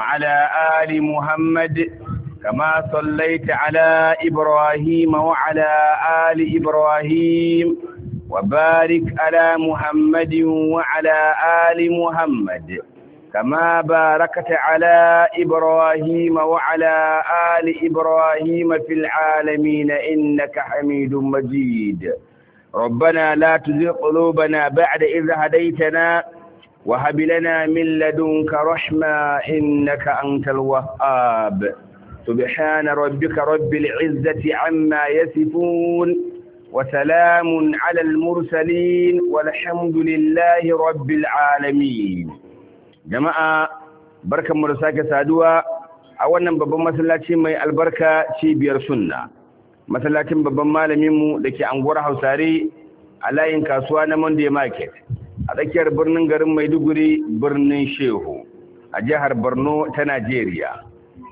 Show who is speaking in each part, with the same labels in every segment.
Speaker 1: وعلى آل محمد كما صليت على إبراهيم وعلى آل إبراهيم وبارك على محمد وعلى آل محمد كما باركت على إبراهيم وعلى آل إبراهيم في العالمين إنك حميد مجيد ربنا لا تزغ قلوبنا بعد إذ هديتنا وهب لنا من لدنك رحمة إنك أنت الوهاب سبحان ربك رب العزة عما يصفون وسلام على المرسلين والحمد لله رب العالمين جماعة بركة مرساكة سادوة أولا بابا مسلاتي مي البركة تي بير سنة مسلاتي بابا مالميمو لكي أنقرها وساري a layin kasuwa na Monday Market a tsakiyar birnin garin Maiduguri birnin Shehu a jihar Borno ta Najeriya.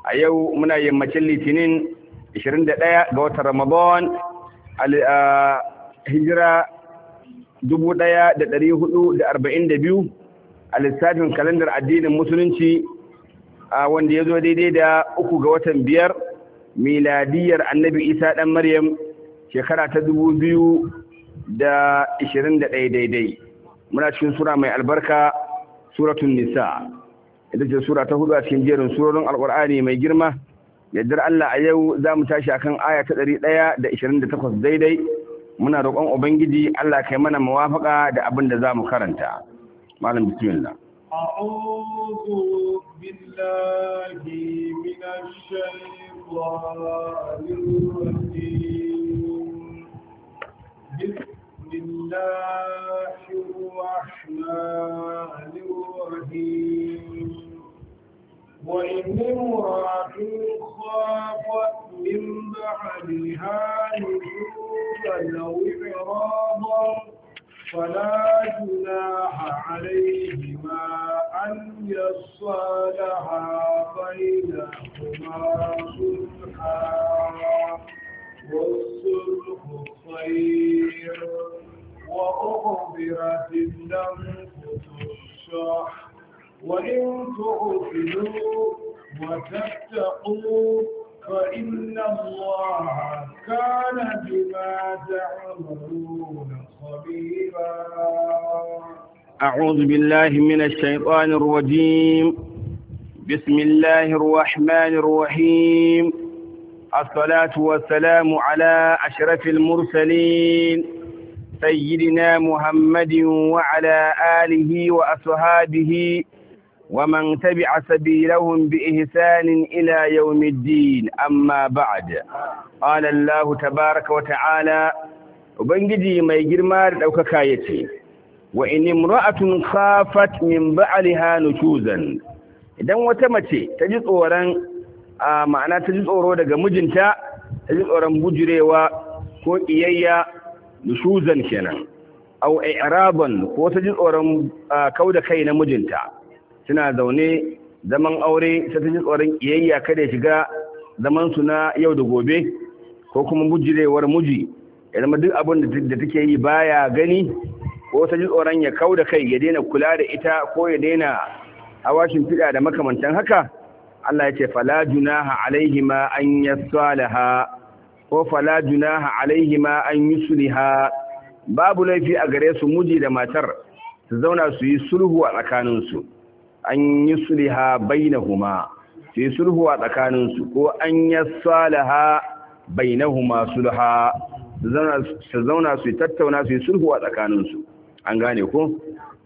Speaker 1: A yau muna yammacin Litinin 21 ga watan Ramadan a hijira 1442 a lissafin kalandar addinin musulunci a wanda ya zo daidai da uku ga watan biyar miladiyar annabi isa ɗan maryam shekara ta dubu da 21 daidai muna cikin sura mai albarka suratun nisa ita ce sura ta hudu a cikin jerin surorin alkur'ani mai girma yaddar Allah a yau za mu tashi akan aya ta 128 daidai muna roƙon ubangiji Allah kai mana mawafaka da abin da za mu karanta malam bismillah
Speaker 2: أعوذ بالله من الشيطان الرجيم الله الرحمن الرحيم وإن امرأة خافت من بعدها نشوزا أو إعراضا فلا جناح عليهما أن يصالحا بينهما صلحا والصلح خير وأغبرت الدم الشح وإن تغفلوا وتتقوا فإن الله كان بما تعملون خبيرا
Speaker 1: أعوذ بالله من الشيطان الرجيم بسم الله الرحمن الرحيم الصلاة والسلام على أشرف المرسلين سيدنا محمد وعلى آله وأصحابه ومن تبع سبيلهم بإحسان إلى يوم الدين أما بعد قال الله تبارك وتعالى وبنجدي ما يجرمار لو كايتي وإن امرأة خافت من بعلها نشوزا إذا وتمتي تجد أوران آه معناه تجد أورو دقا مجنتا تجد أوران بجريوا ko iyayya Nusuzan kenan au i'raban ko ta ji tsoron kauda kai na mijinta suna zaune zaman aure sai ta ji tsoron iyayya kada ya shiga zaman su na yau da gobe ko kuma bujirewar muji ya duk abin da take yi baya gani ko ta ji tsoron ya kauda kai ya daina kula da ita ko ya daina hawashin fiɗa da makamantan haka Allah ya ce fala junaha alaihima an yasalaha ko fala junaha alaihima an yusliha babu laifi a gare su muji da matar su zauna su yi sulhu a tsakaninsu an yusliha bainahuma su yi sulhu a tsakaninsu ko an yassalaha bainahuma sulha su zauna su tattauna su yi sulhu a tsakaninsu an gane ko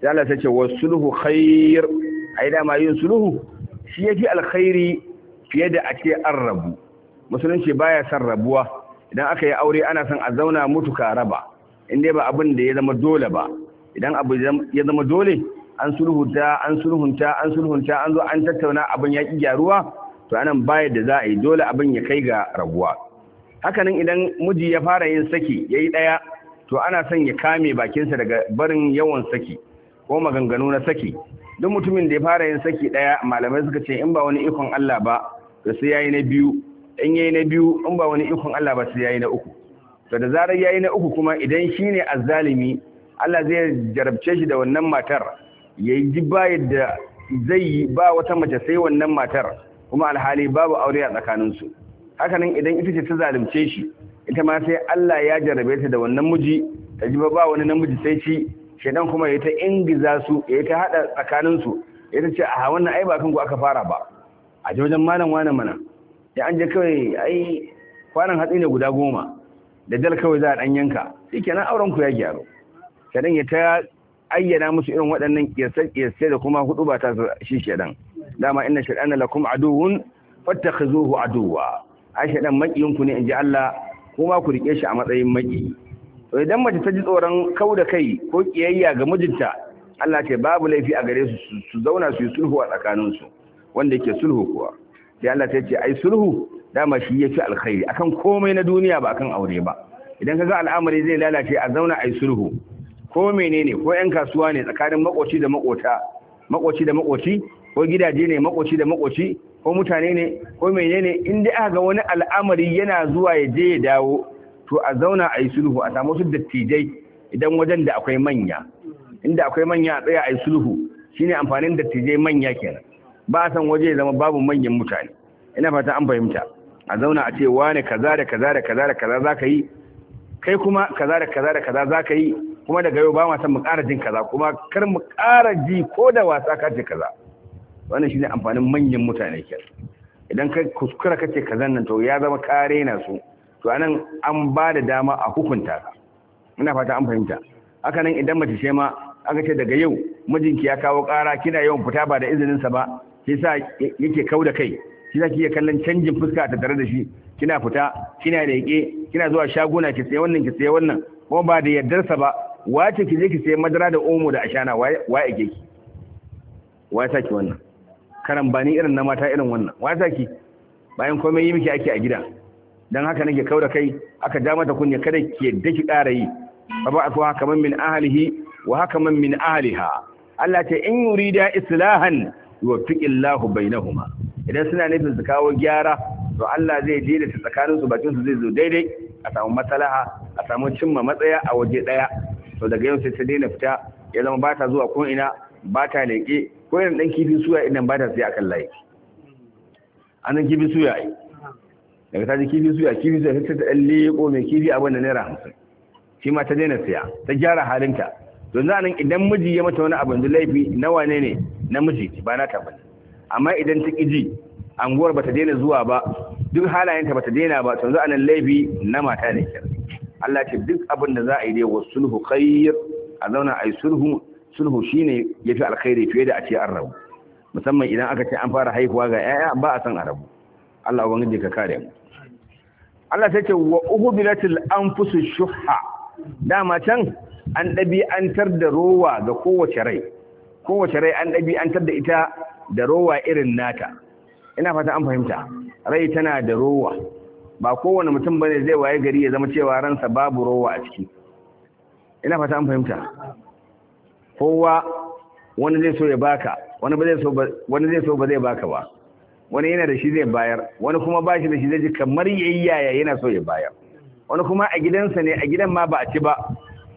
Speaker 1: sai Allah ta ce wa sulhu khair ai ma yin sulhu shi yafi alkhairi fiye da ake an rabu musulunci baya son rabuwa idan aka yi aure ana son a zauna mutu ka raba in dai ba abin da ya zama dole ba idan abu ya zama dole an sulhunta an sulhunta an sulhunta an zo an tattauna abin ya ki gyaruwa to anan baya da za a yi dole abin ya kai ga rabuwa hakanan idan miji ya fara yin saki yayi ɗaya to ana son ya kame bakinsa daga barin yawan saki ko maganganu na saki duk mutumin da ya fara yin saki ɗaya malamai suka ce in ba wani ikon Allah ba da sai yayi na biyu in yayi na biyu in ba wani ikon Allah ba sai yayi na uku to da zarar yayi na uku kuma idan shine azzalimi Allah zai jarabce shi da wannan matar yayi ji yadda zai yi ba wata mace sai wannan matar kuma alhali babu aure a tsakanin su hakanan idan ita ce ta zalunce shi ita ma sai Allah ya jarabe ta da wannan miji ta ji ba wani namiji sai shi shedan kuma ya ta ingiza su ya ta hada tsakanin su ya ta ce a wannan ai ba kan ku aka fara ba a wajen malam wani mana da an je kawai ai kwanan hatsi ne guda goma da dal kawai za a dan yanka shi kenan auren ku ya gyaru dan ya ta ayyana musu irin waɗannan ƙiyasai da kuma hudu ba ta shi shaɗan dama inna shaɗana lakum aduwun fattakhizuhu aduwa ai shaɗan maƙiyinku ne in ji Allah kuma ku riƙe shi a matsayin maki? to idan mace ta ji tsoron kau da kai ko kiyayya ga mijinta Allah ce babu laifi a gare su su zauna su yi sulhu a tsakaninsu wanda yake sulhu kuwa sai Allah ta ce ai sulhu dama shi yafi alkhairi akan komai na duniya ba akan aure ba idan kaga al'amari zai lalace a zauna ai sulhu ko menene ko yan kasuwa ne tsakanin makoci da makota makoci da makoci ko gidaje ne makoci da makoci ko mutane ne ko menene in dai aka ga wani al'amari yana zuwa ya je ya dawo to a zauna ai sulhu a samu su dattijai idan wajen da akwai manya inda akwai manya a tsaya ai sulhu shine amfanin dattijai manya kenan ba a san waje ya zama babu manyan mutane ina fata an fahimta a zauna a ce wane kaza da kaza da kaza da kaza zaka yi kai kuma kaza da kaza da kaza zaka yi kuma daga yau ba ma san mu ƙara jin kaza kuma kar mu ƙara ji ko da wasa ka ce kaza wannan shine amfanin manyan mutane ke. idan kai kuskura kace kazan nan to ya zama kare na su to anan an ba da dama a hukunta ka ina fata an fahimta haka nan idan mace ce ma aka ce daga yau mijinki ya kawo ƙara kina yawan fita ba da izinin sa ba shi sa yake kau da kai shi sa ki kallon canjin fuska ta tare da shi kina fita kina leƙe kina zuwa shaguna ki sayi wannan ki sayi wannan kuma ba da yardarsa ba wace ki je ki sayi madara da omo da ashana wa ya ke ki wa sa ki wannan karambani irin na mata irin wannan wa sa ki bayan komai yi miki ake a gida dan haka nake da kai aka ja mata kunya kada ki yadda ki ƙara yi fa haka hakaman min ahlihi wa hakaman min ahliha Allah ta in yurida islahan yuwaffiqillahu bainahuma idan suna nufin su kawo gyara to Allah zai daidaita tsakanin su bakin su zai zo daidai a samu maslaha a samu cimma matsaya a waje daya to daga yau sai ta daina fita ya zama ba ta zuwa ko ina ba ta leƙe ko irin dan kifin suya idan ba ta sai akan layi an dan kifin suya ai daga ta ji kifin suya kifin suya sai ta dan leƙo mai kifi a wannan naira hamsin. shi ma ta daina siya ta gyara halinta don zanen idan miji ya mata wani abin da laifi na wane ne namiji ba na ba amma idan ta ji anguwar bata daina zuwa ba duk halayenta bata daina ba yanzu anan laifi na mata ne kenan Allah ce duk abin da za a yi dai wa sulhu khair a zauna a sulhu sulhu shine yafi alkhairi fiye da a ce an rabu musamman idan aka ce an fara haihuwa ga yaya ba a san a rabu Allah ubangiji ka kare mu Allah ta ce wa uhbilatil anfusu shuhha dama can an dabi'antar da rowa ga kowace rai kowace rai an tar da ita da rowa irin nata ina fata an fahimta rai tana da rowa ba kowane mutum bane zai waye gari ya zama cewa ransa babu rowa a ciki ina fata an fahimta kowa wani zai so ya baka wani ba zai so ba wani zai so ba zai baka ba wani yana da shi zai bayar wani kuma ba shi da shi zai ji kamar yayi yaya yana so ya bayar wani kuma a gidansa ne a gidan ma ba a ci ba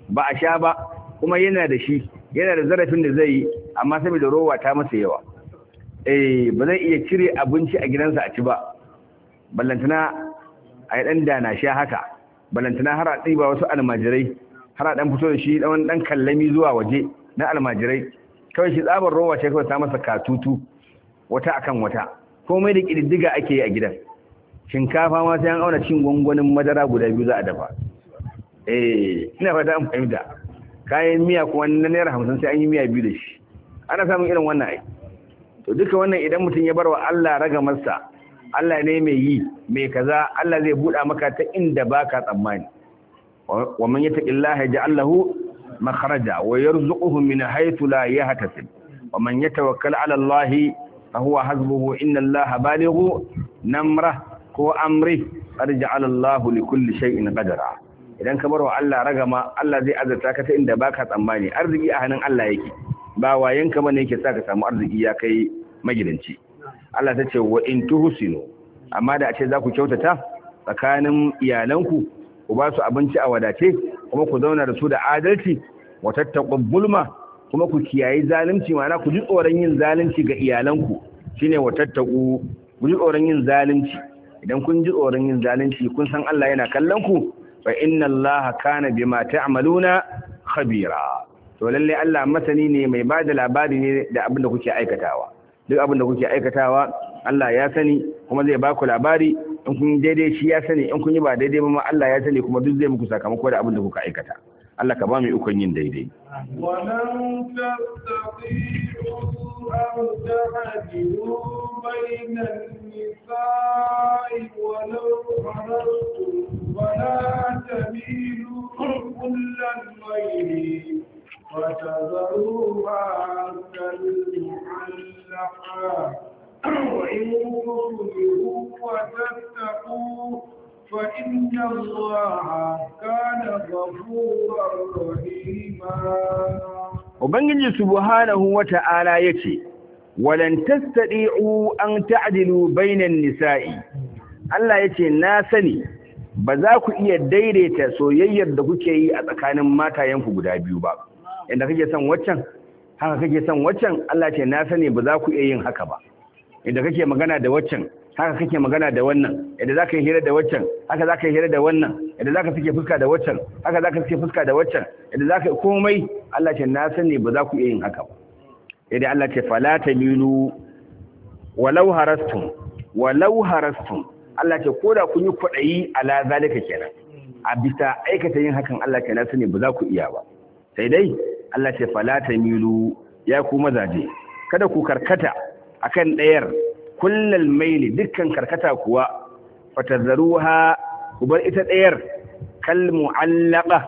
Speaker 1: ba a sha ba kuma yana da shi yana da zarafin da zai yi amma saboda rowa ta masa yawa eh ba zai iya cire abinci a gidansa a ci ba ballantana a yi da dana sha haka ballantana har a ɗiba wasu almajirai har a dan fito da shi dan dan kallami zuwa waje na almajirai kawai shi tsabar rowa ce kawai ta masa katutu wata akan wata komai da ƙididdiga ake yi a gidan shinkafa ma sai an auna cin gwangwanin madara guda biyu za a dafa eh ina fata an fahimta kayan miya kuma na naira hamsin sai an yi miya biyu da shi ana samun irin wannan ai to duka wannan idan mutum ya bar wa Allah ragamarsa Allah ne mai yi mai kaza Allah zai buɗa maka ta inda baka tsammani wa man yattaqillaha yaj'al lahu makhraja wa yarzuquhu min haythu la yahtasib wa man yatawakkal 'ala Allah fa huwa hasbuhu inna Allah balighu namra ko amri qad ja'ala Allah li kulli shay'in qadara idan ka barwa Allah ragama Allah zai azurta ka ta inda baka tsammani arziki a hannun Allah yake ba wayen ka bane yake sa ka samu arziki ya kai magidanci Allah ta ce wa in tuhsinu amma da a ce za ku kyautata tsakanin iyalanku ku ba su abinci a wadace kuma ku zauna da su da adalci wa tattaqul bulma kuma ku kiyayi zalunci ma'ana ku ji tsoron yin zalunci ga iyalanku shine wa tattaqu ku ji tsoron yin zalunci idan kun ji tsoron yin zalunci kun san Allah yana kallon ku fa inna allaha kana bima ta'maluna khabira to lalle Allah masani ne mai bada labari ne da abin da kuke aikatawa duk abin da kuke aikatawa Allah ya sani kuma zai baku labari in kun daidai shi ya sani in kun yi ba daidai ba ma Allah ya sani kuma duk zai muku sakamako da abin da kuka aikata Allah ka ba mu ikon yin daidai
Speaker 2: ولن تستطيعوا أن بين النساء ولو ولا تميلوا كل فتذروها كالمعلقة وإن تصلحوا وتتقوا فإن الله كان غفورا رحيما
Speaker 1: Ubangiji subhanahu wa ta'ala ya ce, Walan tastaɗi'u an ta'adilu bainan nisa'i, Allah ya ce, Na sani, ba za ku iya daidaita soyayyar da kuke yi a tsakanin matayenku guda biyu ba, inda kake son waccan, haka kake son waccan, Allah ce, Na sani ba za ku iya yin haka ba, inda kake magana da waccan, haka kake magana da wannan yadda za ka yi hira da waccan haka za ka yi hira da wannan yadda za ka suke fuska da waccan haka za ka suke fuska da waccan yadda za ka komai Allah ce na sani ba za ku iya yin haka ba yadda Allah ce fala tamilu walau harastum walau harastum Allah ce ko da kun yi kwaɗayi ala zalika kenan a bisa aikata yin hakan Allah ce na sani ba za ku iya ba sai dai Allah ce fala tamilu ya ku mazaje kada ku karkata akan ɗayar kullal maili dukkan karkata kuwa fatazaruha ku bar ita ɗayar kal mu'allaqa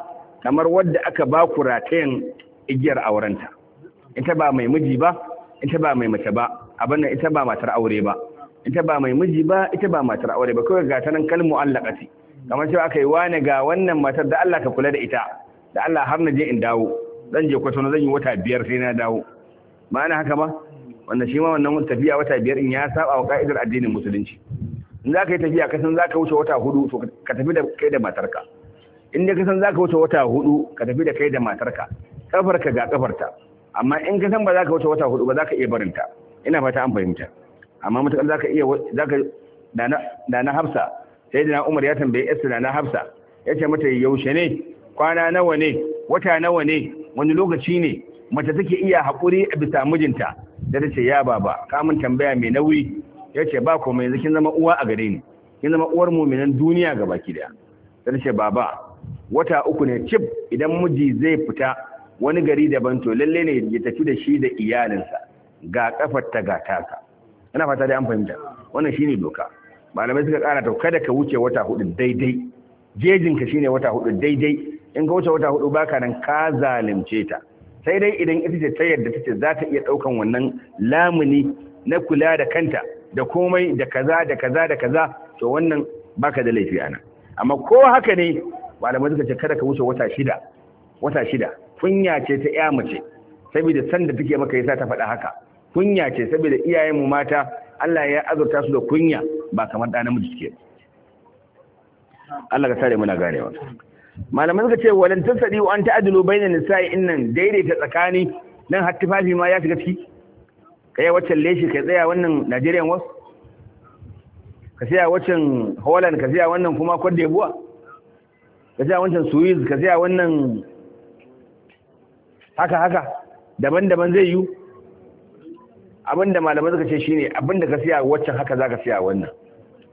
Speaker 1: kamar wadda aka ba ku ratayen igiyar aurenta ita ba mai miji ba ita ba mai mace ba abin ita ba matar aure ba ita ba mai miji ba ita ba matar aure ba kawai ga ta nan kal mu'allaqati kamar cewa aka yi wani ga wannan matar da Allah ka kula da ita da Allah har na je in dawo zan je kwatano zan yi wata biyar sai na dawo ma'ana haka ba wanda shi ma wannan tafiya wata biyar in ya saba wa ka'idar addinin musulunci in za ka yi tafiya kasan za ka wuce wata hudu to ka tafi da kai da matarka in dai kasan za ka wuce wata hudu ka tafi da kai da matarka kafarka ga kafarta amma in ka san ba za ka wuce wata hudu ba za ka iya barinta ina fata an fahimta amma mutukar za ka iya za ka da na hafsa sai da na umar ya tambaye yarsa da na hafsa ya ce mata yaushe ne kwana nawa ne wata nawa ne wani lokaci ne mace take iya haƙuri a bisa mijinta da ta ce ya baba kamun tambaya mai nauyi ya ce ba komai yanzu kin zama uwa a gare ni kin zama uwar muminan duniya ga baki daya da ta ce baba wata uku ne cif idan miji zai fita wani gari daban to lalle ne ya tafi da shi da iyalinsa ga kafar ta ga taka ina fata dai an fahimta wannan shine doka malamai suka kara to kada ka wuce wata hudu daidai jejinka shine wata hudu daidai in ka wuce wata hudu baka nan ka zalunce ta sai dai idan ita ce ta yadda ta ce za ta iya ɗaukan wannan lamuni na kula da kanta da komai da kaza da kaza da kaza to wannan baka da laifi ana amma ko haka ne malamai suka ce kada ka wuce wata shida wata shida kunya ce ta ya mace saboda san da take maka yasa ta faɗa haka kunya ce saboda iyayenmu mata Allah ya azurta su da kunya ba kamar ɗa namiji suke Allah ka sare muna ganewa malamai suka ce walan tasadi wa an ta'dilu bainan nisa'i innan daidaita tsakani nan har tufafi ma ya shiga ciki kai waccan leshi kai tsaya wannan Najeriya was ka tsaya waccan Holland ka tsaya wannan kuma Cote d'Ivoire ka tsaya wancan Suwis ka tsaya wannan haka haka daban-daban zai yi abinda malamai suka ce shine abinda ka tsaya waccan haka zaka tsaya wannan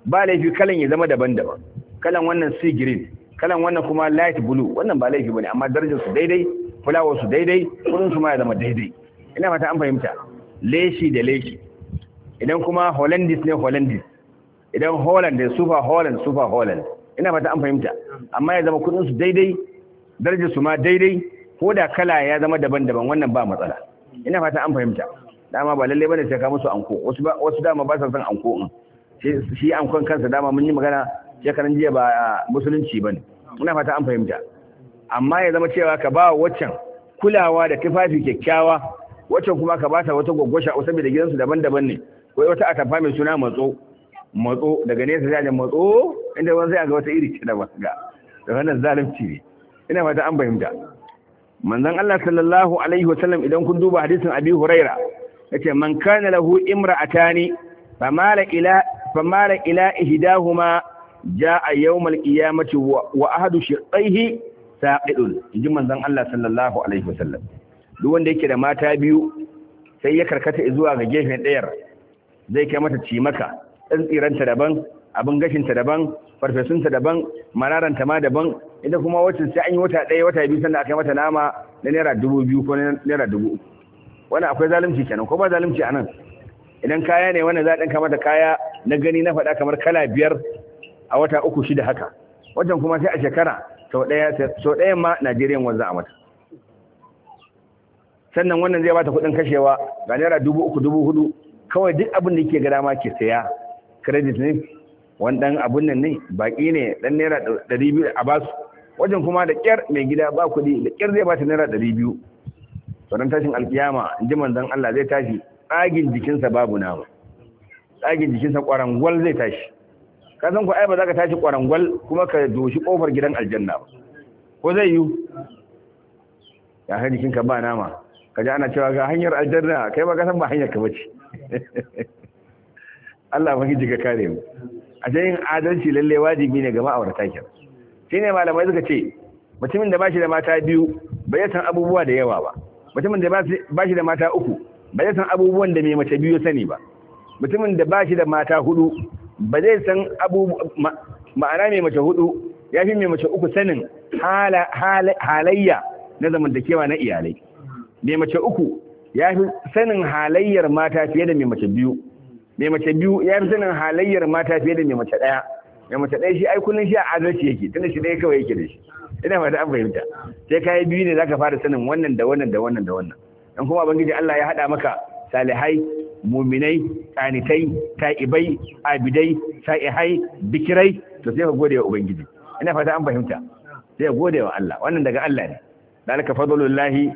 Speaker 1: ba laifi kalan ya zama daban-daban kalan wannan sea green kalan wannan kuma light blue wannan ba laifi bane amma darajar su daidai flower su daidai kudin su ma ya zama daidai ina fata an fahimta leshi da leshi idan kuma hollandis ne hollandis idan holland da super holland super holland ina fata an fahimta amma ya zama kudin su daidai darajar su ma daidai ko da kala ya zama daban-daban wannan ba matsala ina fata an fahimta dama ba lalle bane sai ka musu anko wasu ba wasu dama ba sa son anko in shi ankon kansa dama mun yi magana shekaran jiya ba musulunci ba ne muna fata an fahimta amma ya zama cewa ka ba waccan kulawa da tufafi kyakkyawa waccan kuma ka bata wata gwaggwasha a saboda gidansu daban-daban ne ko wata atamfa mai suna matso matso daga nesa sai matso inda wani zai ga wata iri ce da wasu ga da wannan zalunci ne ina fata an fahimta manzon Allah sallallahu alaihi wasallam idan kun duba hadisin Abi Huraira yace man kana lahu imra'atani famala ila famala ila ihdahuma ja'a yawmal qiyamati wa ahadu shiqaihi saqidun inji manzon Allah sallallahu alaihi wasallam duk wanda yake da mata biyu sai ya karkata zuwa ga gefen dayar zai kai mata cimaka ɗan tsiranta daban abin gashinta daban farfesunta daban mararanta ma daban ita kuma wacce sai an yi wata ɗaya wata biyu sannan aka mata nama na naira dubu biyu ko naira dubu uku akwai zalunci kenan ko ba zalunci a nan idan kaya ne wannan za a ɗinka mata kaya na gani na faɗa kamar kala biyar a wata uku shida haka wajen kuma sai a shekara sau ɗaya ma Najeriya wanzu a mata sannan wannan zai bata kuɗin kashewa ga naira dubu uku dubu hudu kawai duk abin da ke gada ma ke saya credit ne wani dan abun nan ne baƙi ne dan naira ɗari biyu a basu wajen kuma da ƙyar mai gida ba kuɗi da ƙyar zai bata naira ɗari biyu sauran tashin alkiyama in ji manzon Allah zai tashi tsagin jikinsa babu nama tsagin jikinsa ƙwarangwal zai tashi ka san ku ai ba za ka tashi kwarangwal kuma ka doshi kofar gidan aljanna ba ko zai yi ya ka jikinka ba nama ka ji ana cewa ga hanyar aljanna kai ba ka san ba hanyar ka bace Allah ban ka kare mu a yin adalci lalle wajibi ne ga ma'aurata shi ne malamai suka ce mutumin da bashi da mata biyu bai san abubuwa da yawa ba mutumin da bashi da mata uku bai san abubuwan da mai mace biyu sani ba mutumin da bashi da mata hudu ba zai san abubuwa ma'ana mai mace hudu ya fi mai mace uku sanin halayya na zamantakewa na iyalai mai mace uku ya fi sanin halayyar mata fiye da mai mace biyu mai mace biyu ya fi sanin halayyar mata fiye da mai mace ɗaya mai mace ɗaya shi ai kullum shi a adalci yake tunda shi ɗaya kawai yake da shi ina fata an fahimta sai kayi biyu ne zaka fara sanin wannan da wannan da wannan da wannan dan kuma ubangiji Allah ya hada maka salihai muminai kanitai ta'ibai abidai sa'ihai bikirai to sai ka gode wa ubangiji ina fata an fahimta sai ka gode wa Allah wannan daga Allah ne dalika fadlullahi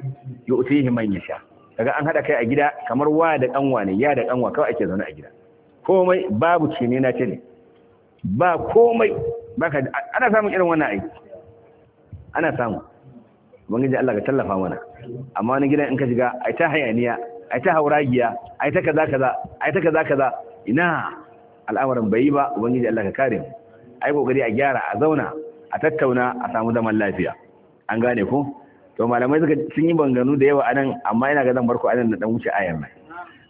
Speaker 1: yu'tihi man yasha Daga an hada kai a gida kamar wa da dan ne ya da wa kawai ake zaune a gida komai babu cine na ce ne ba komai baka ana samun irin wannan aiki ana samu ubangiji Allah ka tallafa mana amma wani gidan in ka shiga ai ta hayaniya ai ta giya. ai ta kaza kaza ai ta kaza kaza ina al'amarin bai yi ba ubangiji Allah ka kare mu ai kokari a gyara a zauna a tattauna a samu zaman lafiya an gane ko to malamai suka sun yi banganu da yawa anan amma ina ga zan barko anan da dan wuce ayan nan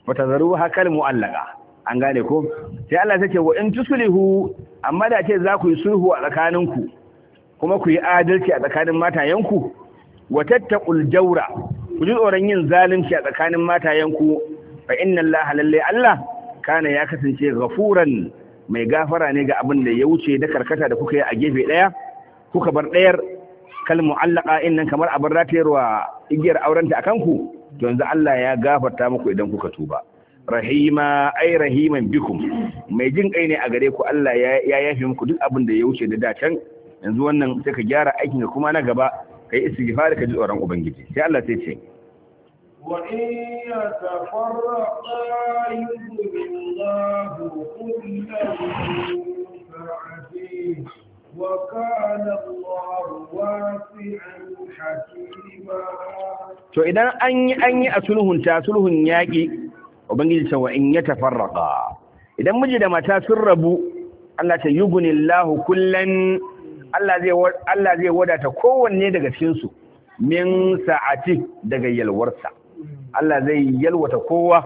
Speaker 1: fatazaru hakal mu'allaqa an gane ko sai Allah ya ce wa in tusulihu amma da ce za ku yi sulhu a tsakaninku kuma ku yi adalci a tsakanin matayenku wa tattaqul jawra ku ji tsoron yin zalunci a tsakanin matayenku fa inna Allah lalle Allah kana ya kasance gafuran mai gafara ne ga abin da ya wuce da karkata da kuka yi a gefe daya kuka bar dayar kal mu'allaqa innan kamar abin ratayarwa igiyar aurenta akan ku to yanzu Allah ya gafarta muku idan kuka tuba rahima ai rahiman bikum mai jin kai ne a gare ku Allah ya yafe muku duk abin da ya wuce da dacan yanzu wannan sai ka gyara aikin ka kuma na gaba kai istighfar ka ji tsoron ubangiji sai Allah sai ce
Speaker 2: wa in yatafarraqa yudhillahu kullahu
Speaker 1: to idan an yi an yi a sulhun ta sulhun yaki ubangiji ce wa in ya tafarraƙa. idan miji da mata sun rabu Allah ta yughnillahu kullan Allah zai wadata kowanne daga cikin su min sa'ati daga yalwarsa Allah zai yalwata kowa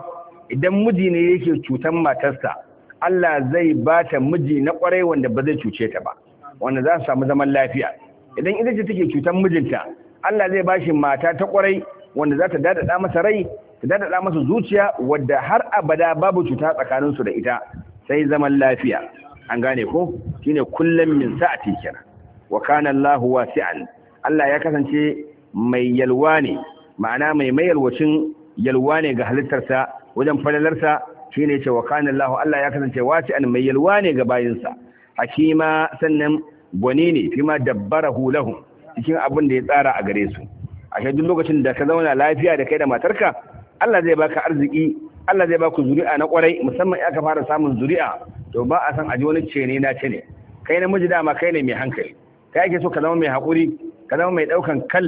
Speaker 1: idan miji ne yake cutan matarsa Allah zai ba ta miji na kwarai wanda ba zai cuce ta ba wanda za su samu zaman lafiya idan ita ce take cutan mijinta Allah zai ba shi mata ta kwarai wanda za ta dadada masa rai ta dadada masa zuciya wadda har abada babu cuta tsakaninsu da ita sai zaman lafiya an gane ko shi ne kullum min sa'a kenan wa kana Allahu wasi'an Allah ya kasance mai yalwa ne ma'ana mai mayalwacin yalwa ne ga halittarsa wajen falalarsa shine ce wa kana Allahu Allah ya kasance wasi'an mai yalwa ne ga bayinsa hakima sannan gwani ne ma dabbarahu lahum cikin abin da ya tsara a gare su a duk lokacin da ka zauna lafiya da kai da matarka Allah zai baka arziki Allah zai baku zuri'a na kwarai musamman ya ka fara samun zuri'a to ba a san aji wani ce ne na ce ne kai namiji dama kai ne mai hankali ka ake so ka zama mai haƙuri ka zama mai ɗaukan kal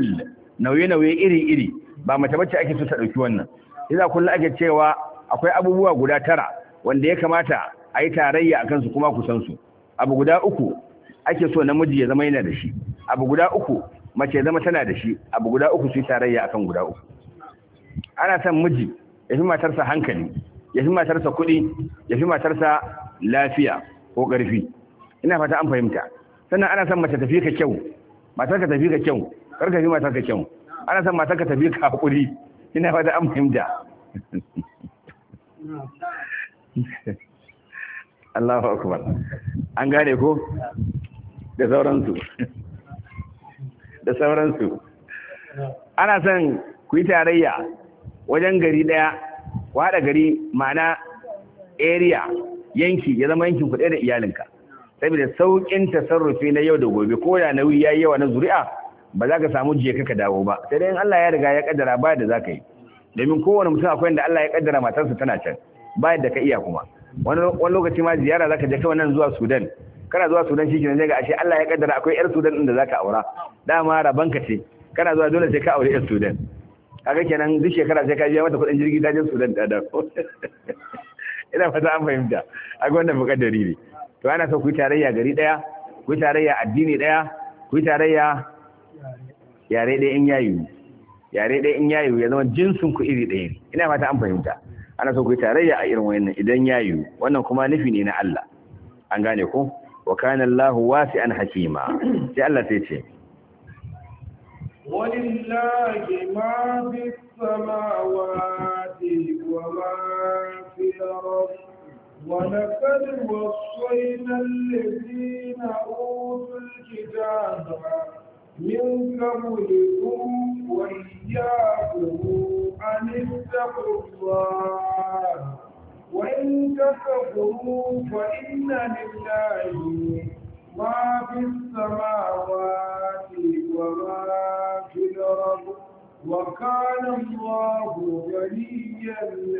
Speaker 1: nauye-nauye iri-iri ba mace bace ake so ta ɗauki wannan Ina kullum ake cewa akwai abubuwa guda tara wanda ya kamata a yi tarayya a kansu kuma kusan su abu guda uku ake so namiji ya zama yana da shi abu guda uku mace ya zama tana da shi abu guda uku su tarayya akan guda uku ana son miji ya fi matarsa hankali ya fi matarsa kuɗi ya fi matarsa lafiya ko ƙarfi ina fata an fahimta sannan ana son mace tafi ka kyau matar ka tafi ka kyau kar ka fi matar ka kyau ana son matar ka tafi ka hakuri ina fata an fahimta Allahu akbar an gane ko da sauransu da sauransu ana son ku yi tarayya wajen gari daya wada gari ma'ana area yanki ya zama yankin ku da iyalinka saboda saukin tasarrufi na yau da gobe ko da nauyi yayi yawa na zuri'a ba za ka samu jiya ka dawo ba sai dai in Allah ya riga ya kaddara ba da za ka yi domin kowane mutum akwai inda Allah ya kaddara matarsa tana can ba da ka iya kuma wani lokaci ma ziyara zaka je kawai nan zuwa Sudan kana zuwa Sudan shi kenan ga ashe Allah ya kaddara akwai yar Sudan da zaka aura dama rabanka ce kana zuwa dole sai ka aure yar Sudan kaga kenan duk shekara sai ka biya mata kuɗin jirgi ta je Sudan da da ina fata an fahimta a wannan muƙaddari ne to ana so ku yi tarayya gari ɗaya ku yi tarayya addini ɗaya ku yi tarayya yare dai in yayu yare dai in yayu ya zama jinsin ku iri daya ina fata an fahimta ana so ku yi tarayya a irin wannan idan yayu wannan kuma nufi ne na Allah an gane ko wa kana Allahu wasi'an hakima sai Allah sai ce
Speaker 2: ولله sama wa السماوات وما في الأرض ولقد وصينا الذين أوتوا الكتاب من قبلكم وإياكم أن اتقوا الله وإن تكفروا فإن لله ما في السماوات وما في الأرض وكان الله wa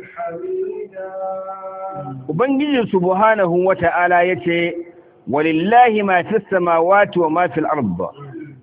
Speaker 2: ta’ala
Speaker 1: وبنجي سبحانه walillahi ma fi samawati wa ma fil ard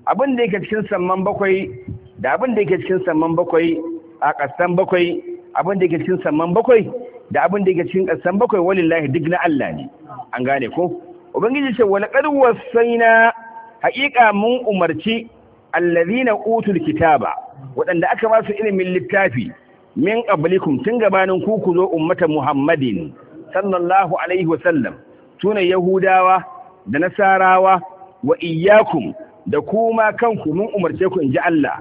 Speaker 1: abin da yake cikin samman bakwai da abin da yake cikin samman bakwai a kasan bakwai abin da yake cikin samman bakwai da abin da yake cikin kasan bakwai walillahi duk na Allah ne an gane ko ubangiji ce wala qad wasaina haqiqa mun umarci allazina utul kitaba waɗanda aka ba su ilimin littafi min qablikum tun gabanin ku ku zo ummatan muhammadin sallallahu alaihi wa sallam tuna yahudawa da nasarawa wa iyyakum da kuma kanku mun umarce ku inji Allah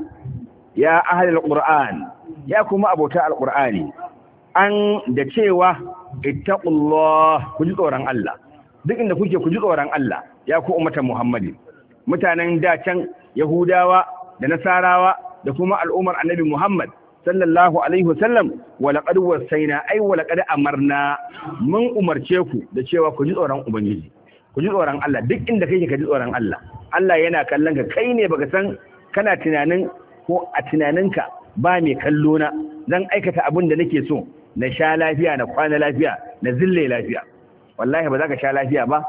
Speaker 1: ya ahlul qur'an ya kuma abota alqur'ani an da cewa ittaqullah ku ji tsoron Allah duk inda kuke ku ji tsoron Allah ya ku ummatan muhammadin mutanen da can yahudawa da nasarawa da kuma al'ummar annabi muhammad sallallahu alaihi wasallam walaƙad wasaina ai walaƙad amarna mun umarce ku da cewa ku ji tsoron ubangiji ku ji tsoron Allah duk inda kake ka ji tsoron Allah Allah yana kallon ka kai ne baka san kana tunanin ko a tunaninka ba mai kallo na zan aikata abin da nake so na sha lafiya na kwana lafiya na zille lafiya wallahi ba za ka sha lafiya ba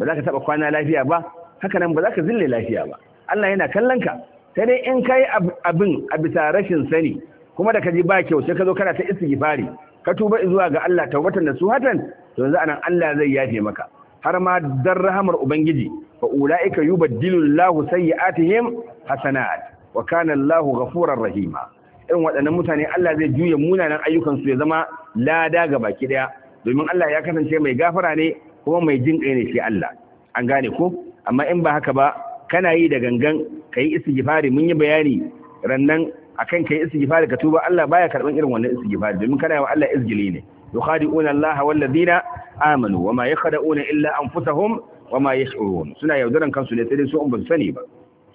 Speaker 1: ba za ka taba kwana lafiya ba haka nan ba za ka zille lafiya ba Allah yana kallon ka sai dai in kai abin a bisa rashin sani kuma da ka ji ba kyau sai ka zo kana ta istighfari ka tuba zuwa ga Allah tawbatan da suhatan to yanzu anan Allah zai yafe maka har ma dan rahamar ubangiji fa ulaika yubaddilu Allahu sayyi'atihim hasanat wa kana Allahu ghafurar rahima irin waɗannan mutane Allah zai juya munanan ayyukan su ya zama lada ga baki daya domin Allah ya kasance mai gafara ne kuma mai jin ne shi Allah an gane ko amma in ba haka ba kana yi da gangan ka yi istighfari mun yi bayani rannan kan ka yi istighfari ka tuba Allah baya karɓar irin wannan istighfari domin kana yi wa Allah izgili ne yukhadi'una Allah wal ladina amanu wama yakhda'una illa anfusahum wama yash'urun suna yaudaran kansu ne sai dai su an ban sani ba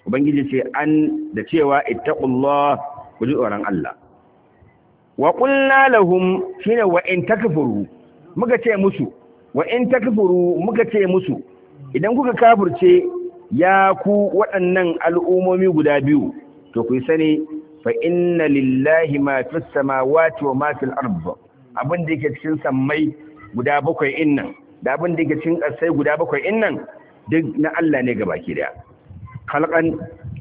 Speaker 1: ubangiji ce an da cewa ittaqullah ku ji tsoron Allah wa qulna lahum shine wa in takfuru muka ce musu wa in takfuru muka ce musu idan kuka kafirce ya ku waɗannan al'umomi guda biyu to ku sani fa inna lillahi ma fi samawati wa ma fil abin da yake cikin sammai guda bakwai innan da abin da yake cikin ƙasai guda bakwai innan duk na Allah ne ke daya khalqan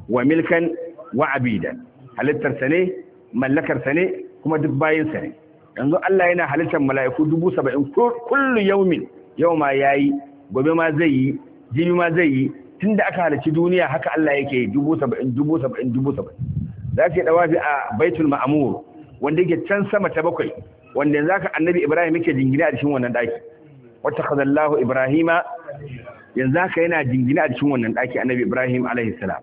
Speaker 1: wa milkan wa abida halittar sa ne mallakar ne kuma duk bayansa sa ne yanzu Allah yana halittar mala'iku dubu saba'in kullu yaumin yau ma ya yi, gobe ma zai yi jibi ma zai yi tun da aka halarci duniya haka Allah yake yi dubu saba'in dubu saba'in dubu saba'in za su yi ɗawafi a baitul ma'amur wanda yake can sama ta bakwai wanda yanzu haka annabi ibrahim yake jingina a cikin wannan ɗaki wata kazallahu ibrahima yanzu haka yana jingina a cikin wannan ɗaki annabi ibrahim alaihi salam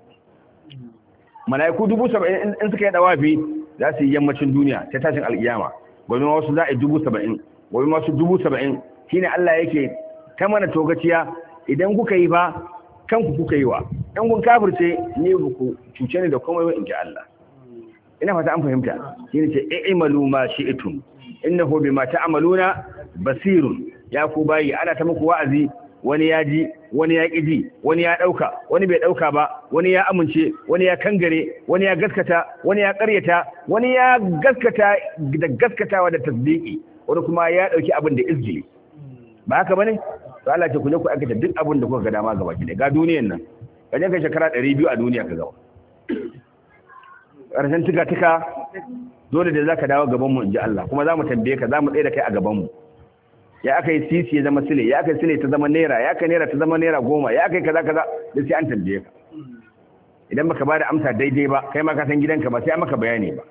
Speaker 1: mala'iku dubu saba'in in suka yi ɗawafi za su yi yammacin duniya ta tashin alƙiyama gobe wasu za a yi dubu saba'in gobe wasu dubu saba'in shine Allah yake ta mana togaciya idan kuka yi fa kanku kuka yi wa ɗan kun kafirce ni ku cuce ni da komai ba inji Allah ina fata an fahimta ne ce i'malu ma shi'tum ma bima ta'maluna basirun ya ku bayi ana ta muku wa'azi wani ya ji wani ya ƙiji wani ya ɗauka wani bai ɗauka ba wani ya amince wani ya kangare wani ya gaskata wani ya ƙaryata wani ya gaskata da gaskatawa da tasdiki wani kuma ya ɗauki abin da izgili ba haka bane to Allah ce ku je ku aikata duk abin da kuka ga dama gaba ne ga duniyar nan ka je ka shekara 200 a duniya ka gaba karshen tuka tuka dole da zaka dawo gaban mu inji Allah kuma za mu tambaye ka za mu tsaye da kai a gaban mu ya aka yi sisi ya zama sile ya aka yi sile ta zama naira ya aka naira ta zama naira goma ya aka yi kaza kaza da sai an tambaye ka idan baka bada amsa daidai ba kai ma ka san gidanka ba sai an maka bayani ba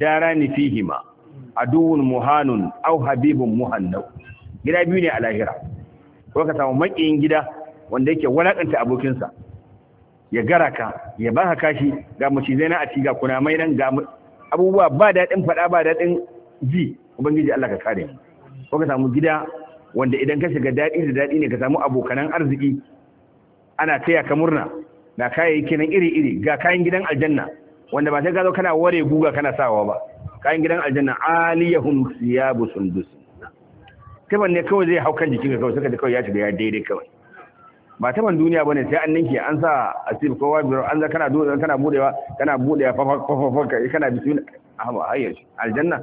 Speaker 1: dara ni fihima aduwun muhanun au habibun muhannau gida biyu ne a lahira ko ka samu makiyin gida wanda yake walakanta abokinsa ya gara ka ya ba ka kashi ga macizai na a ci ga kunamai nan ga abubuwa ba daɗin faɗa ba daɗin ji ubangiji Allah ka kare ko ka samu gida wanda idan ka shiga daɗi da daɗi ne ka samu abokanan arziki ana taya ka murna ga kayayyaki nan iri-iri ga kayan gidan aljanna wanda ba sai ka zo kana ware guga kana sawa ba kayan gidan aljanna aliyahum siyabu sundus taban ne kawai zai hau kan jikin ka kawai suka da kawai ya shiga ya daidai kawai ba taban duniya bane sai an ninke an sa asib wa biro an za kana dole kana budewa kana budewa fa fa fa kana bismillah ahma hayyar aljanna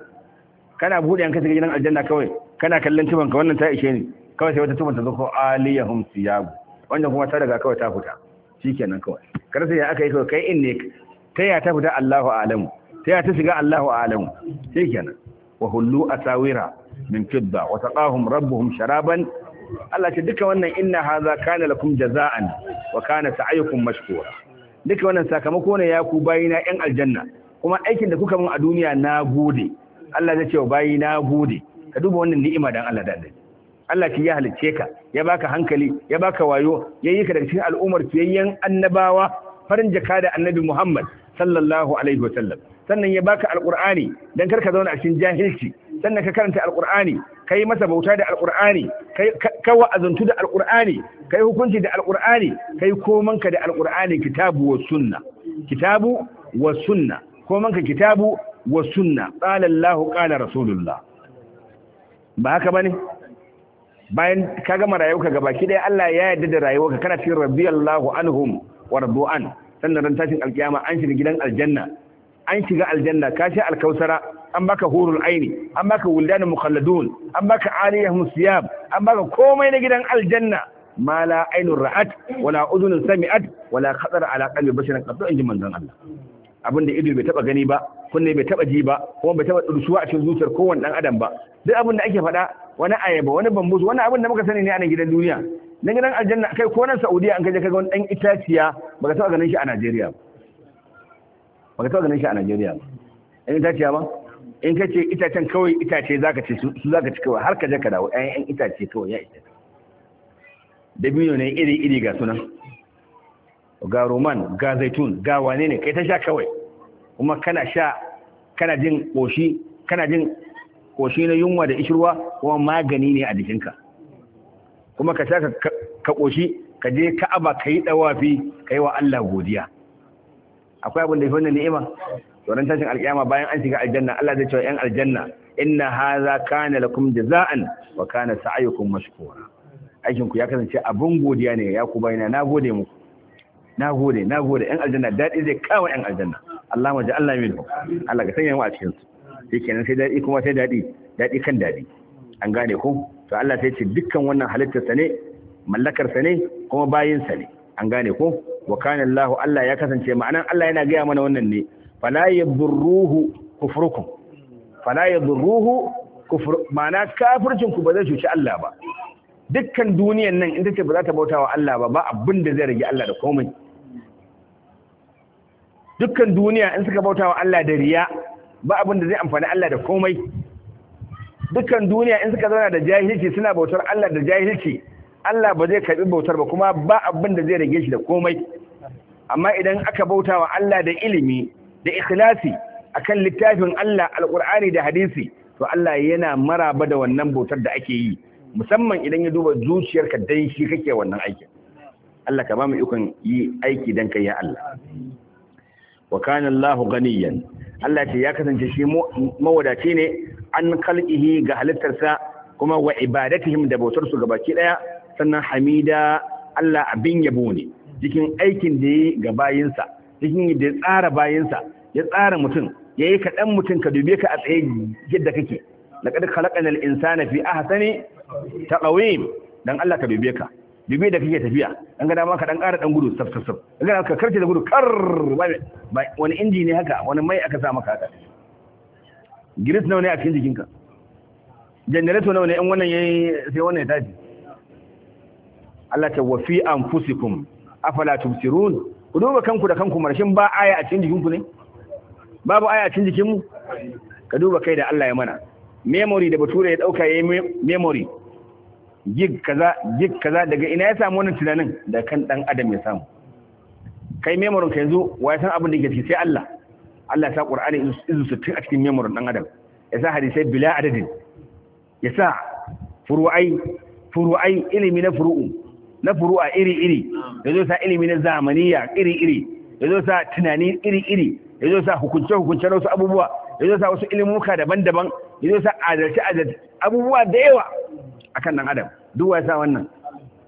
Speaker 1: kana bude an ka shiga gidan aljanna kawai kana kallon tuban ka wannan ta ishe ni kawai sai wata tuban ta zo ko aliyahum siyab wannan kuma ta daga kawai ta fita shikenan kawai kar sai ya aka yi kawai kai in ne ta ya ta fita Allahu a'lamu ta ya ta shiga Allahu a'lamu shikenan wa hullu asawira min fidda wa taqahum rabbuhum sharaban Allah ce duka wannan inna haza kana lakum jaza'an wa kana sa'yukum mashkura duka wannan sakamako ne ya ku bayina yan aljanna kuma aikin da kuka mun a duniya na gode Allah zai ce wa bayi na gode ka duba wannan ni'ima dan Allah da dai Allah ki ya halicce ka ya baka hankali ya baka wayo ya yi ka daga cikin al'ummar fiyayyen annabawa farin jaka da annabi Muhammad sallallahu alaihi sallam. sannan ya baka alkur'ani dan karka zauna a cikin jahilci sannan ka karanta alqur'ani kai masa bauta da Alkur'ani, kai ka wa'azantu da alqur'ani kai hukunci da alqur'ani kai komanka da Alkur'ani kitabu wa sunna kitabu wa sunna komanka kitabu wa sunna qala Allah qala rasulullah ba haka bane bayan ka gama rayuwarka gabaki ɗaya Allah ya yarda da rayuwarka kana cikin radiyallahu anhum wa an, sannan ran tashin alkiyama an shiga gidan aljanna an shiga aljanna ka sha alkausara an baka hurul aini an baka wuldan mukhalladun an baka aliyahum siyab an baka komai na gidan aljanna ma la ra'at wala udhun sami'at wala khatar ala qalbi basharin qad inji manzon Allah abinda ido bai taba gani ba kunne bai taba ji ba kuma bai taba dursuwa a cikin zuciyar kowan dan adam ba duk abin da ake faɗa wani ayaba wani bambus wani abin da muka sani ne a nan gidan duniya na gidan aljanna kai ko nan Saudiya an kaje kaga wani dan itaciya baka taba ganin shi a Najeriya ba ba ka taɓa ganin shi a Najeriya ba in itace ba in ka ce itacen kawai itace ka ce su ka ci kawai har ka je ka dawo ƴaƴan itace kawai ya da biyu ne iri iri ga sunan ga roman ga zaitun ga wane ne kai ta sha kawai kuma kana sha kana jin koshi kana jin koshi na yunwa da ishirwa kuma magani ne a jikinka kuma ka sha ka koshi ka je ka'aba ka yi dawafi ka yi wa Allah godiya akwai abin da ya fi wannan ni'ima to ran tashin alkiyama bayan an shiga aljanna Allah zai ce wa 'yan aljanna inna hadha kana lakum jaza'an wa kana sa'ayukum mashkura aikin ku ya kasance abin godiya ne ya ku bayyana na gode muku na gode na gode 'yan aljanna dadi zai kawo 'yan aljanna Allah ma ja'alna minhum Allah ka sanya mu a cikin su shikenan sai dadi kuma sai dadi dadi kan dadi an gane ku? to Allah sai ce dukkan wannan halittarsa ne mallakarsa ne kuma bayinsa ne an gane ku? wa kana Allah Allah ya kasance ma'anan Allah yana gaya mana wannan ne fala yadurruhu kufrukum fala yadurruhu kufr ma'ana kafircin ku ba zai cuci Allah ba dukkan duniyan nan in ce ba za ta bauta wa Allah ba ba abin da zai rage Allah da komai dukkan duniya in suka bauta wa Allah da riya ba abin da zai amfani Allah da komai dukkan duniya in suka zauna da jahilci suna bautar Allah da jahilci Allah ba zai karɓi bautar ba kuma ba abin da zai rage shi da komai amma idan aka bauta wa Allah da ilimi da ikhlasi akan littafin Allah alqur'ani da hadisi to Allah yana maraba da wannan bautar da ake yi musamman idan ya duba zuciyarka dan shi kake wannan aikin Allah ka ba mu ikon yi aiki dan kai ya Allah wa kana Allah ganiyan Allah ce ya kasance shi mawadaci ne an kalqihi ga halittarsa kuma wa ibadatihim da bautar su gabaki daya sannan hamida Allah abin yabo ne cikin aikin da ya yi ga bayinsa cikin da ya tsara bayinsa ya tsara mutum ya yi kaɗan mutum ka dube ka a tsaye yadda kake laƙar kalaƙan al'insana fi a hasani ta ƙawim don Allah ka dube ka dube da kake tafiya ɗan gada ma ka ɗan ƙara ɗan gudu sab sab sab ɗan gada ka karce da gudu kar wani inji ne haka wani mai aka sa maka haka giris nawa ne a cikin jikinka janareto nawa ne in wannan ya yi sai wannan ya tafi? Allah ta wafi anfusikum afala tubsirun ku duba kanku da kanku marashin ba aya a cikin jikinku ne babu aya a cikin jikinmu ka duba kai da Allah ya mana memory da bature ya dauka yayi memory gig kaza gig kaza daga ina ya samu wannan tunanin da kan dan adam ya samu kai memorin ka yanzu wai san abin da yake ciki sai Allah Allah ya sa Qur'ani izu tun a cikin memorin dan adam ya sa hadisai bila adadin ya sa furu'ai furu'ai ilimi na furu'u na furu'a iri-iri ya zo sa ilimi na zamaniya iri-iri ya zo sa tunani iri-iri ya zo sa hukunce-hukunce na wasu abubuwa ya zo sa wasu ilimuka daban-daban ya zo sa adalci-adalci abubuwa da yawa a kan nan adam duk ya sa wannan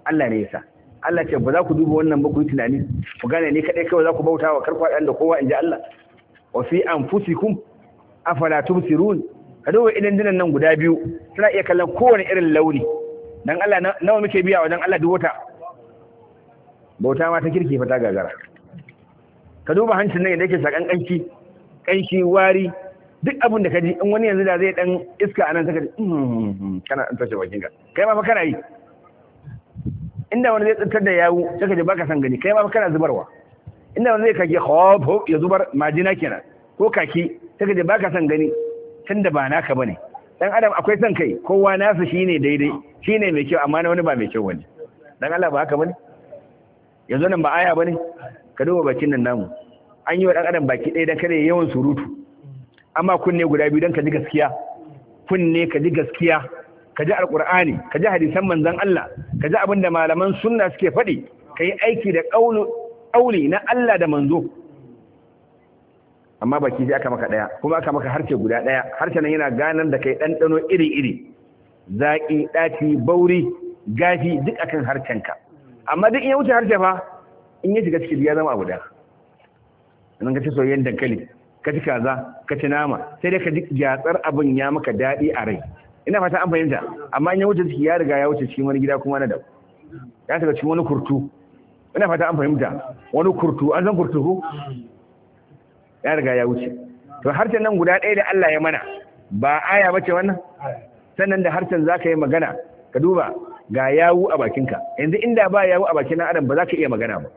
Speaker 1: Allah ne ya sa Allah ce ba za ku duba wannan ba ku yi tunani ku gane ni kaɗai kawai za ku bauta wa karku haɗan da kowa in ji Allah wa fi anfusikum afala tubsirun ka duba idan dinan nan guda biyu suna iya kallon kowane irin launi dan Allah nawa muke biya wajen Allah duk wata bauta ma ta kirki fa ta gagara ka duba hancin nan yadda yake sakan kanki kanki wari duk abun da ka ji in wani yanzu da zai dan iska anan saka hmm, kana an tace bakin ka kai ma fa kana yi inda wani zai tsantar da yawu saka ji baka san gani kai ma fa kana zubarwa inda wani zai kage hop hop ya zubar majina kenan ko kaki saka ji baka san gani tunda ba naka bane dan adam akwai son kai kowa nasa shine daidai shine mai kyau amma na wani ba mai kyau wani. dan Allah ba haka bane yanzu nan ba aya bane ka duba bakin nan namu an yi wa dan adam baki ɗaya dan kada yawan surutu amma kunne guda biyu dan ka ji gaskiya kunne ka ji gaskiya ka ji alqur'ani ka ji hadisan manzon Allah ka ji abinda malaman sunna suke faɗi ka aiki da kauli na Allah da manzo amma baki sai aka maka daya kuma aka maka harshe guda daya harshe nan yana ganar da kai ɗanɗano iri-iri zaƙi ɗaci bauri gafi duk akan harshenka amma duk in ya wuce harshe fa in ya shiga cikin ya zama abu da nan ka ci soyayyen dankali ka ci kaza ka ci nama sai dai ka ji gyatsar abin ya maka daɗi a rai ina fata an fahimta amma in ya wuce ciki ya riga ya wuce cikin wani gida kuma na da ya shiga cikin wani kurtu ina fata an fahimta wani kurtu an san kurtu ko ya riga ya wuce to harshen nan guda ɗaya da Allah ya mana ba aya bace wannan sannan da harshen zaka yi magana ka duba ga yawu a bakinka yanzu inda ba yawu a bakin ɗan adam ba za ka iya magana ba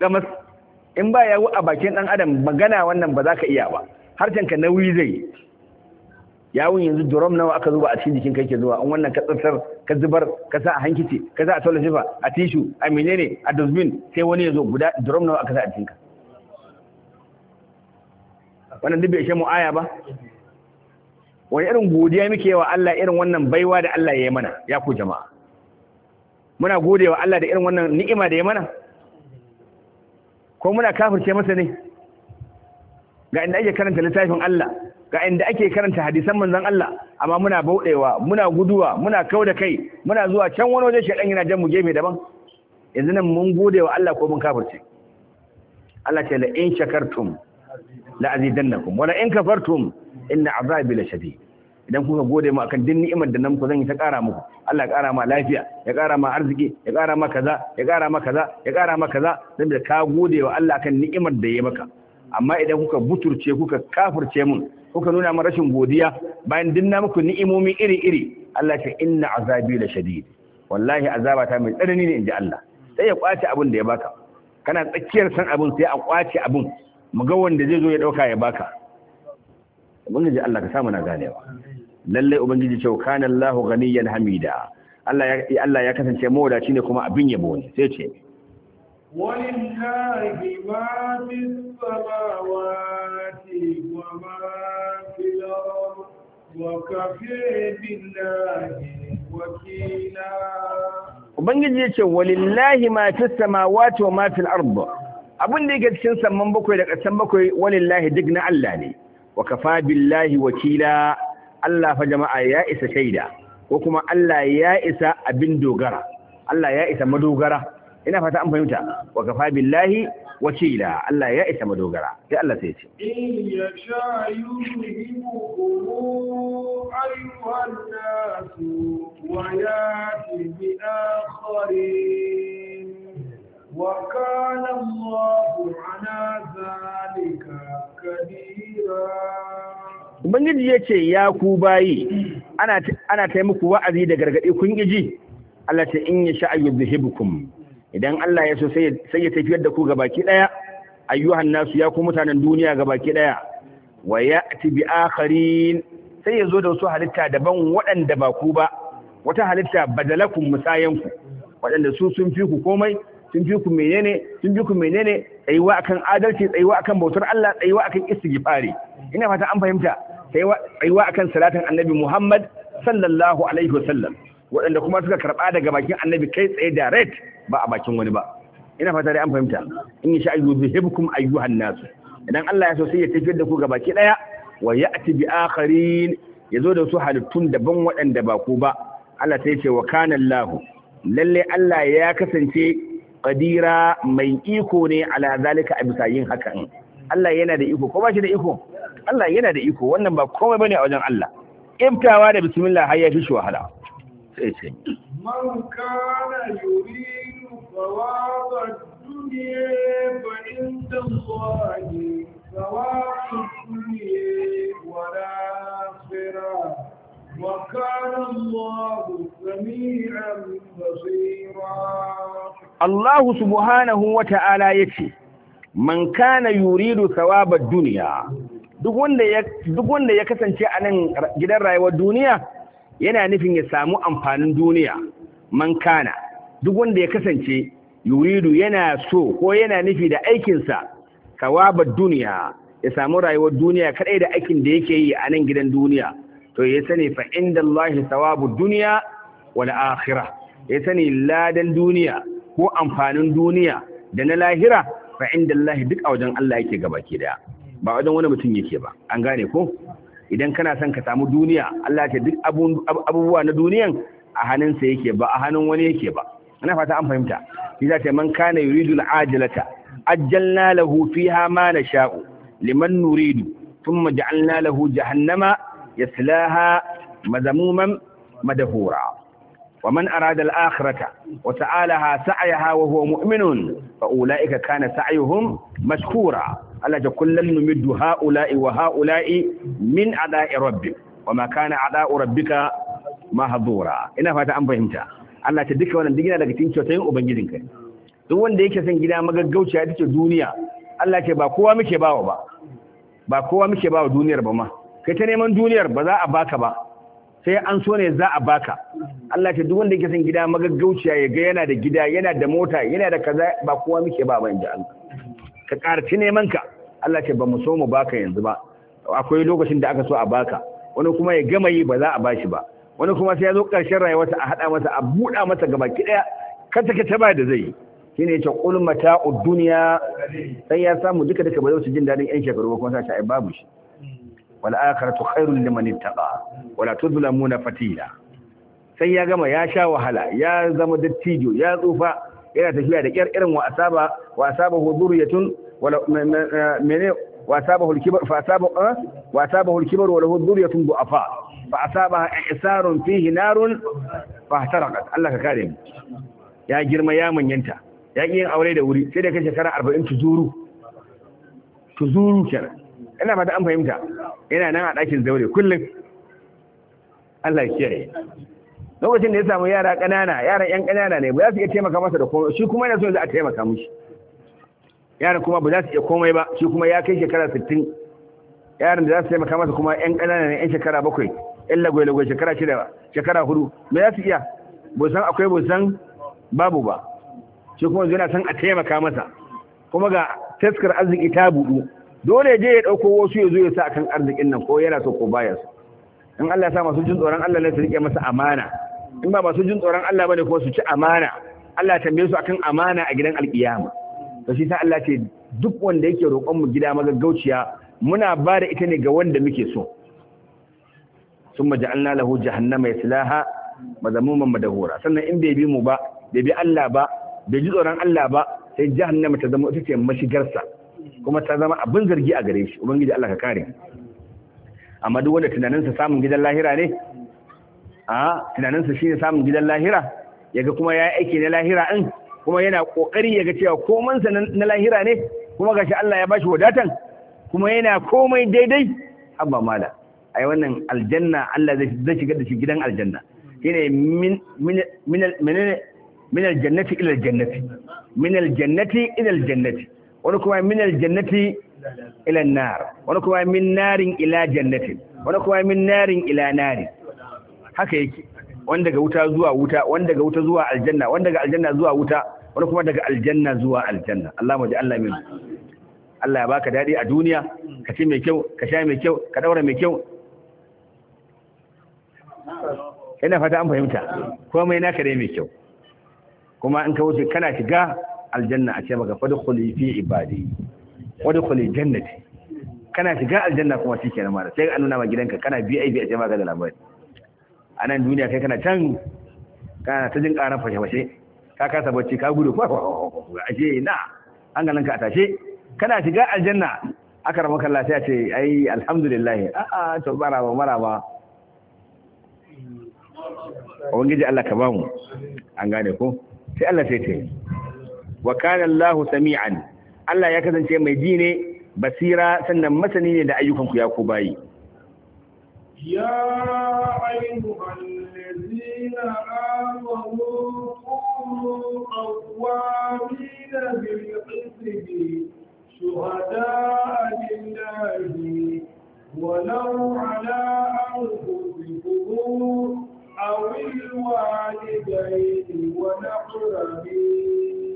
Speaker 1: gamas in ba yawu a bakin ɗan adam magana wannan ba za ka iya ba harshen ka nauyi zai yawun yanzu drum nawa aka zuba a cikin jikin kai ke zuwa an wannan ka tsantsar ka zubar ka sa a hankice ka sa a tola shifa a tishu a menene a dustbin sai wani ya zo guda drum nawa aka sa a cikin ka. wannan duk bai ishe mu aya ba wani irin godiya muke wa Allah irin wannan baiwa da Allah ya yi mana ya ku jama'a muna gode wa Allah da irin wannan ni'ima da ya mana ko muna kafirce masa ne ga inda ake karanta littafin Allah ga inda ake karanta hadisan manzon Allah amma muna bauɗewa muna guduwa muna kau da kai muna zuwa can wani waje shedan yana jan mu mai daban yanzu nan mun gode wa Allah ko mun kafirce Allah ce la in shakartum la'azidannakum wala in kafartum inna azabi lashadid idan kuka gode mu akan din ni'imar da nan ku zan yi ta ƙara muku Allah ya ƙara ma lafiya ya ƙara ma arziki ya ƙara ma kaza ya ƙara ma kaza ya ƙara ma kaza dan da ka gode wa Allah akan ni'imar da ya maka amma idan kuka buturce kuka kafirce mun kuka nuna min rashin godiya bayan din na muku ni'imomi iri-iri Allah ya inna azabi lashadid wallahi azabata mai tsanani ne inji Allah sai ya kwace abin da ya baka kana tsakiyar san abin sai a kwace abin mu ga wanda zai zo ya dauka ya baka ubangiji Allah ka samu na ganewa lalle ubangiji cewa kana Allahu ganiyan hamida Allah ya Allah ya kasance mawadaci ne kuma abin yabo ne sai ce
Speaker 2: walillahi ma fis samawati wa ma fil ardh wa kafi billahi wakila
Speaker 1: ubangiji ya ce walillahi ma fis samawati wa ma fil ardh abin da yake cikin samman bakwai da ƙasan bakwai walillahi duk na Allah ne wa kafa billahi wakila Allah fa jama'a ya isa shaida ko kuma Allah ya isa abin dogara Allah ya isa madogara ina fata an fahimta wa kafa billahi wakila Allah ya isa madogara sai Allah sai
Speaker 2: ce in wa ya'ti bi akharin وكان الله على ذلك كبيرا
Speaker 1: Ubangiji ya ce, Ya ku bayi, ana ta muku wa'azi da gargaɗi kun ji, Allah ta in ya sha'ayu zuhibukum. Idan Allah ya so sai ya tafiyar da ku ga baki ɗaya, ayyuhan nasu ya ku mutanen duniya ga baki ɗaya, wa ya bi akharin sai ya zo da wasu halitta daban waɗanda ba ku ba, wata halitta badalakun musayanku, waɗanda su sun fi ku komai, sun fi ku menene sun fi ku menene tsayuwa akan adalci tsayuwa akan bautar Allah tsayuwa akan istighfari ina fata an fahimta tsayuwa akan salatin annabi Muhammad sallallahu alaihi wasallam waɗanda kuma suka karɓa daga bakin annabi kai tsaye direct ba a bakin wani ba ina fata dai an fahimta in sha ayu bihibkum ayyuhan nas idan Allah ya so sai ya tafiyar da ku ga baki daya wa ya'ti bi akharin yazo da su halittun daban waɗanda ba ku ba Allah sai ya ce wa kana Allah lalle Allah ya kasance qadira mai iko ne ala zalika a bisa yin hakan Allah yana da iko ko ba shi da iko Allah yana da iko wannan ba komai bane a wajen Allah ibtawa da bismillah har ya fi shi wahala sai ce
Speaker 2: man kana yuridu thawaba dunya fa inda Allahi thawabu dunya wa akhirah
Speaker 1: allahu subhanahu wa ta’ala ya ce, man kana yuridu sawabar duniya duk wanda ya kasance a nan gidan rayuwar duniya yana nufin ya samu amfanin duniya man kana duk wanda ya kasance yuridu yana so ko yana nufi da aikinsa sawabar duniya ya samu rayuwar duniya kaɗai da aikin da yake yi a nan gidan duniya to ya sani fa inda Allah duniya wal akhira. ya sani ladan duniya ko amfanin duniya da na lahira fa inda Allah duk a wajen Allah yake ke daya ba wajen wani mutum yake ba an gane ko idan kana son ka samu duniya Allah ce duk abubuwa na duniyan a hannunsa yake ba a hannun wani yake ba ana fata an fahimta shi za ta man kana yuridul ajalata ajjalna lahu fiha ma nasha'u liman nuridu thumma ja'alna lahu jahannama يسلاها مذموما مدهورا ومن أراد الآخرة وتعالها سعيها وهو مؤمن فأولئك كان سعيهم مشكورا ألا جكلا نمد هؤلاء وهؤلاء من عداء ربك وما كان عداء ربك mahadura ina fata an fahimta Allah ta duka wannan digina daga cikin kyautayin ubangijin kai duk wanda yake son gida magaggauciya duniya Allah ke ba kowa muke bawa ba ba kowa duniyar ba ma kai ta neman duniyar ba za a baka ba sai an so ne za a baka Allah ce duk wanda yake son gida magaggauciya ya ga yana da gida yana da mota yana da kaza ba kowa muke ba ba inda Allah ka karci neman ka Allah ce ba mu so mu baka yanzu ba akwai lokacin da aka so a baka wani kuma ya gama yi ba za a bashi ba wani kuma sai ya zo karshen rayuwarsa a hada masa a buɗa masa gaba ki daya Kanta ka ba da zai shine ce ulmata ud dunya sai ya samu duka duka ba zai jin dadin yan shekaru ba kuma sai ai babu shi wal akhiratu khairul liman ittaqa wala tuzlamuna fatila sai ya gama ya sha wahala ya zama dattijo ya tsufa yana tafiya da kyar wasa wa asaba wa asaba huduriyatun wala mene wa asaba hulkibar fa asaba eh, wa asaba hulkibar a huduriyatun du'afa fa asaba isarun fihi narun fa taraqat Allah ka kare mu ya girma ya manyanta ya ƙi yin aure da wuri sai da kai shekara arba'in tuzuru tuzuru kenan ina fata an fahimta yana nan a ɗakin zaure kullum Allah ya kiyaye lokacin da ya samu yara ƙanana yaran ƴan ƙanana ne ba za su iya taimaka masa da komai shi kuma yana so za a taimaka mushi yaran kuma ba za su iya komai ba shi kuma ya kai shekara sittin yaran da za su taimaka masa kuma ƴan ƙanana ne ƴan shekara bakwai ƴan lagwai-lagwai shekara shida shekara hudu Ba za su iya ba san akwai ba san babu ba shi kuma yana son a taimaka masa kuma ga taskar arziki ta buɗu dole je ya ɗauko wasu ya zo ya sa akan arzikin nan ko yana so ko baya so in Allah ya sa masu jin tsoron Allah ne su rike masa amana in ba masu jin tsoron Allah bane ko su ci amana Allah tambaye su akan amana a gidan alkiyama to shi sa Allah ce duk wanda yake roƙon mu gida magaggauciya muna ba da ita ne ga wanda muke so summa ja'alna lahu jahannama yaslaha madhamuman madahura sannan in bai bi mu ba bai bi Allah ba bai ji tsoron Allah ba sai jahannama ta zama ita ce mashigarsa kuma ta zama abin zargi a gare shi ubangiji Allah ka kare amma duk wanda tunaninsa samun gidan lahira ne a tunaninsa shine samun gidan lahira yaga kuma ya aiki na lahira din kuma yana kokari yaga cewa komansa na lahira ne kuma gashi Allah ya bashi wadatan kuma yana komai daidai abba mala ai wannan aljanna Allah zai shiga da shi gidan aljanna shine min min min min aljannati ila aljannati min aljannati ila aljannati wani kuma min aljannati ila nar wani kuma min narin ila jannati. wani kuma min narin ila nari haka yake wanda daga wuta zuwa wuta wanda daga wuta zuwa aljanna wanda daga aljanna zuwa wuta wani kuma daga aljanna zuwa aljanna Allah mu ji Allah min Allah ya baka dadi a duniya ka ci mai kyau ka sha mai kyau ka daura mai kyau ina fata an fahimta mai naka dai mai kyau kuma in ka wuce kana shiga aljanna a ce maka fadkhuli fi ibadi wadkhuli jannati kana shiga aljanna kuma shi kenan mara sai an nuna ma gidanka kana bi a ce maka da labari a nan duniya kai kana can kana ta jin ƙaran fashe-fashe ka kasa bacci ka gudu ashe na ka a tashe kana shiga aljanna aka rama kalla sai a ce ai alhamdulillah a'a to maraba maraba
Speaker 2: ubangiji Allah ka bamu
Speaker 1: an gane ko sai Allah sai ta yi wa kana Allahu sami'an Allah ya kasance mai ji ne basira sannan masani ne da ayyukan ku ya ku bayi
Speaker 2: ya ayyuhallazina amanu qawwamina bil qisti شهداء لله ولو على أنفسكم أو الوالدين والأقربين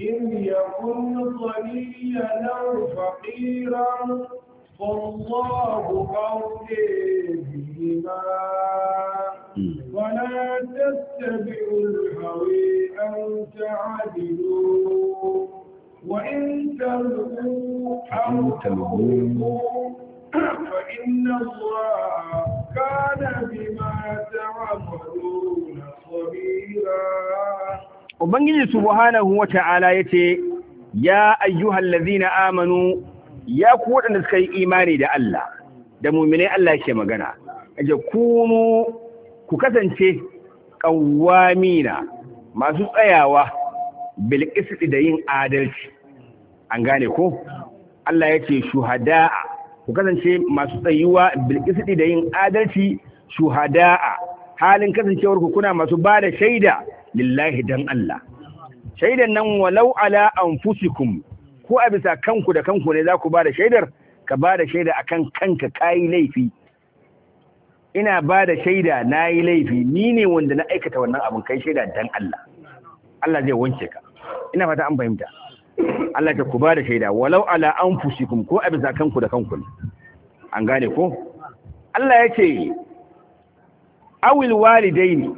Speaker 2: إن يكن صليا أو فقيرا فالله أولي بهما ولا تتبعوا الهوي أن تعدلوا وإن تلقوا أو تلقوا فإن الله كان بما تعملون خبيرا
Speaker 1: ubangiji subhanahu wata'ala yace ya ayyuhal na amanu ya ku waɗanda suka yi imani da Allah da muminai Allah ke magana aje kunu ku kasance ƙawwamina masu tsayawa bil da yin adalci an gane ko Allah yace shuhada'a ku kasance masu tsayuwa bil da yin adalci shuhada'a halin kasancewar ku kuna masu ba da shaida lillahi dan Allah shaidan nan walau ala anfusikum ko a bisa kanku da kanku ne za ku ba da shaidar ka ba da shaida akan kanka yi laifi ina ba da shaida na yi laifi ni ne wanda na aikata wannan abin kai shaida dan Allah Allah zai wanke ka ina fata an fahimta Allah ta ku ba da shaida walau ala anfusikum ko a bisa kanku da kanku an gane ko Allah ya ce awil ne.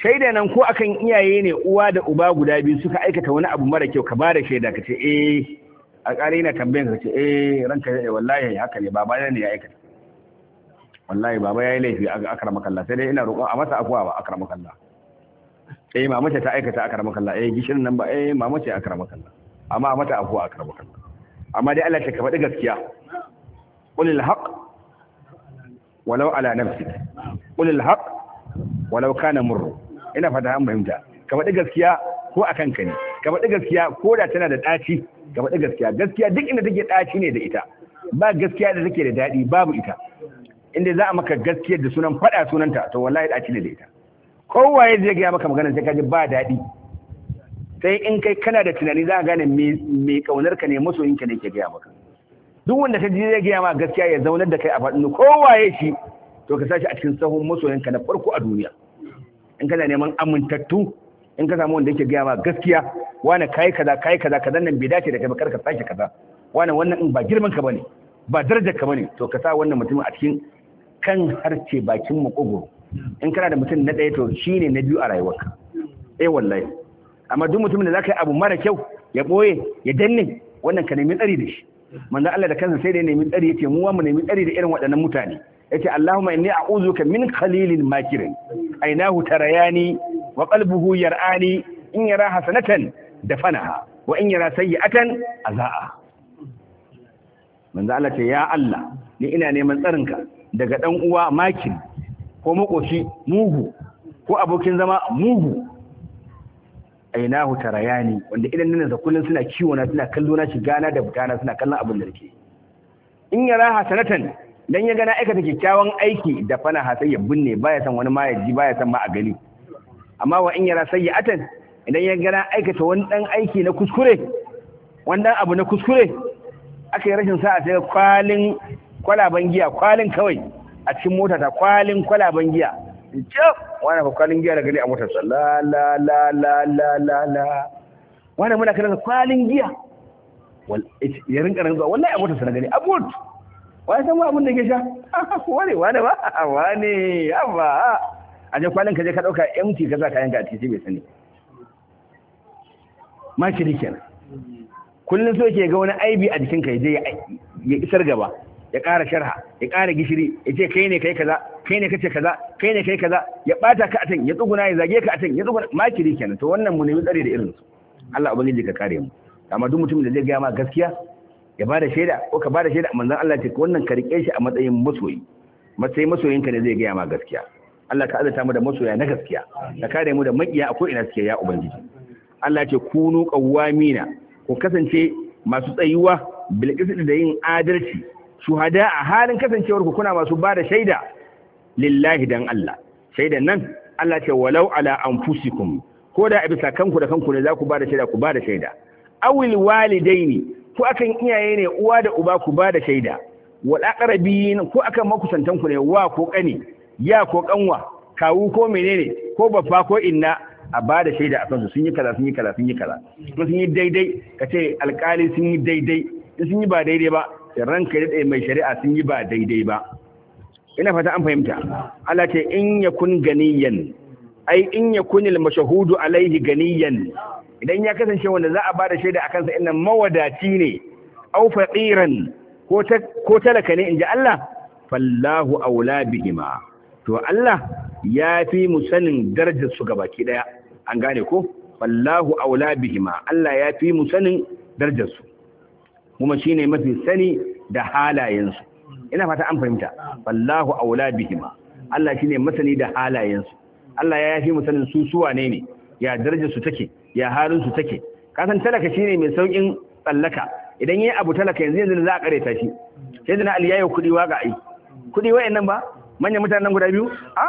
Speaker 1: shaida nan ko akan iyaye ne uwa da uba guda biyu suka aikata wani abu mara kyau ka bada shaida ka ce eh a ƙare na tambayan ka ce eh ranka ne wallahi haka ne baba ne ya aikata wallahi baba yayi laifi a akramaka Allah sai dai ina roƙon a masa afuwa ba akramaka Allah eh mama ce ta aikata akramaka Allah eh gishirin nan ba eh mama ce akramaka Allah amma a mata afuwa akramaka Allah amma dai Allah ta ka faɗi gaskiya qulil haqq walau ala nafsi qulil haqq walau kana murru ina fata an fahimta ka faɗi gaskiya ko a kanka ne ka faɗi gaskiya ko da tana da ɗaci ka faɗi gaskiya gaskiya duk inda take ɗaci ne da ita ba gaskiya da take da daɗi babu ita inda za a maka gaskiyar da sunan faɗa sunanta to wallahi ɗaci ne da ita kowaye zai gaya maka magana sai ka ji ba daɗi sai in kai kana da tunani za a gane mai kaunar ka ne masoyinka ne ke gaya maka duk wanda ta ji zai gaya ma gaskiya ya zaunar da kai a faɗin kowaye shi to ka sashi a cikin sahun masoyanka na farko a duniya in kana neman amintattu in ka samu wanda yake gaya ma gaskiya wani kayi kaza kayi kaza kaza nan bai dace da kai ba ka sashi kaza wani wannan in ba girman ka bane ba darajar ka bane to ka sa wannan mutumin a cikin kan harce bakin makogoro in kana da mutum na ɗaya to shine na biyu a rayuwarka eh wallahi amma duk mutumin da zaka yi abu mara kyau ya boye ya danne wannan ka nemi tsari da shi manzo Allah da kansa sai da ya nemi tsari yace mu wa mu nemi tsari da irin waɗannan mutane yace Allahumma inni a'udhuka min khalilin makirin ainahu tarayani wa qalbuhu yar'ani in yara hasanatan dafanaha wa in yara sayyi'atan azaa manzo Allah ce ya Allah ni ina neman tsarinka daga dan uwa makin ko makoshi muhu ko abokin zama mugu ainahu tarayani wanda idan nuna da kullun suna kiwo na suna kallo na shiga na da butana suna kallon abin da nake in yara hasanatan dan ya gana aikata kyakkyawan aiki da fana ha sai ya binne baya san wani ma ya ji baya san ma a gani amma wa in yara atan idan ya gana aikata wani dan aiki na kuskure wani dan abu na kuskure aka yi rashin sa'a sai kwalin kwalaban giya kwalin kawai a cikin mota ta kwalin kwalaban giya jab wani kwalin giya da gani a motar sa la la la la la la la wani muna kana kwalin giya wal ya rinka rinka wallahi a motar sa na gani abut wa ya san wa abin da ke sha wane wane ba wane amma a je kwalin ka je ka dauka MT ka za kayan yanka a titi bai sani ma shiri kenan kullum so ke ga wani aibi a jikin ka je ya isar gaba ya ƙara sharha ya ƙara gishiri ya ce kai ne kai kaza kai ne kace kaza kai ne kai kaza ya bata ka atin ya tsuguna ya zage ka atin ya tsuguna makiri kenan to wannan mu ne tsare da irin su Allah ubangiji ka kare mu amma duk mutumin da zai ga ma gaskiya ya ba da shaida ko ka ba da shaida manzon Allah ce wannan ka rike shi a matsayin masoyi matsayin masoyinka ne zai gaya ma gaskiya Allah ka azata mu da masoya na gaskiya ka kare mu da makiya a ina suke ya ubangiji Allah ce kunu qawwamina ku kasance masu tsayuwa bil da yin adalci shuhada a halin kasancewar ku kuna masu ba da shaida lillahi dan Allah shaidan nan Allah ce walau ala anfusikum ko da a bisa kanku da kanku ne za ku ba da shaida ku ba da shaida awil walidaini ko akan iyaye ne uwa da uba ku ba da shaida wal aqrabin ko akan makusantan ku ne wa ko kani ya ko kanwa kawu ko menene ko baffa ko inna a ba da shaida a kansu sun yi kaza sun yi kaza sun yi kaza sun yi daidai ka ce alkali sun yi daidai in sun yi ba daidai ba ranka da mai shari'a sun yi ba daidai ba ina fata an fahimta Allah ce in yakun ganiyan ai in yakunil mashhudu alaihi ganiyan idan ya kasance wanda za a ba da shaida a kansa innan mawadaci ne aw faqiran ko talaka ne inji Allah fallahu aula bihima to Allah ya fi mu sanin darajar su gabaki daya an gane ko fallahu aula bihima Allah ya fi mu sanin darajar su kuma shine mafi sani da halayen su ina fata an fahimta fallahu aula bihima Allah shine masani da halayen su Allah ya fi mu sanin su suwa ne ne ya darajar su take ya halin su take kasan talaka shine mai saukin tsallaka idan yayi abu talaka yanzu yanzu za a kare ta shi sai da aliya yayi kudi waka ai kudi wayannan ba manyan mutanen guda biyu a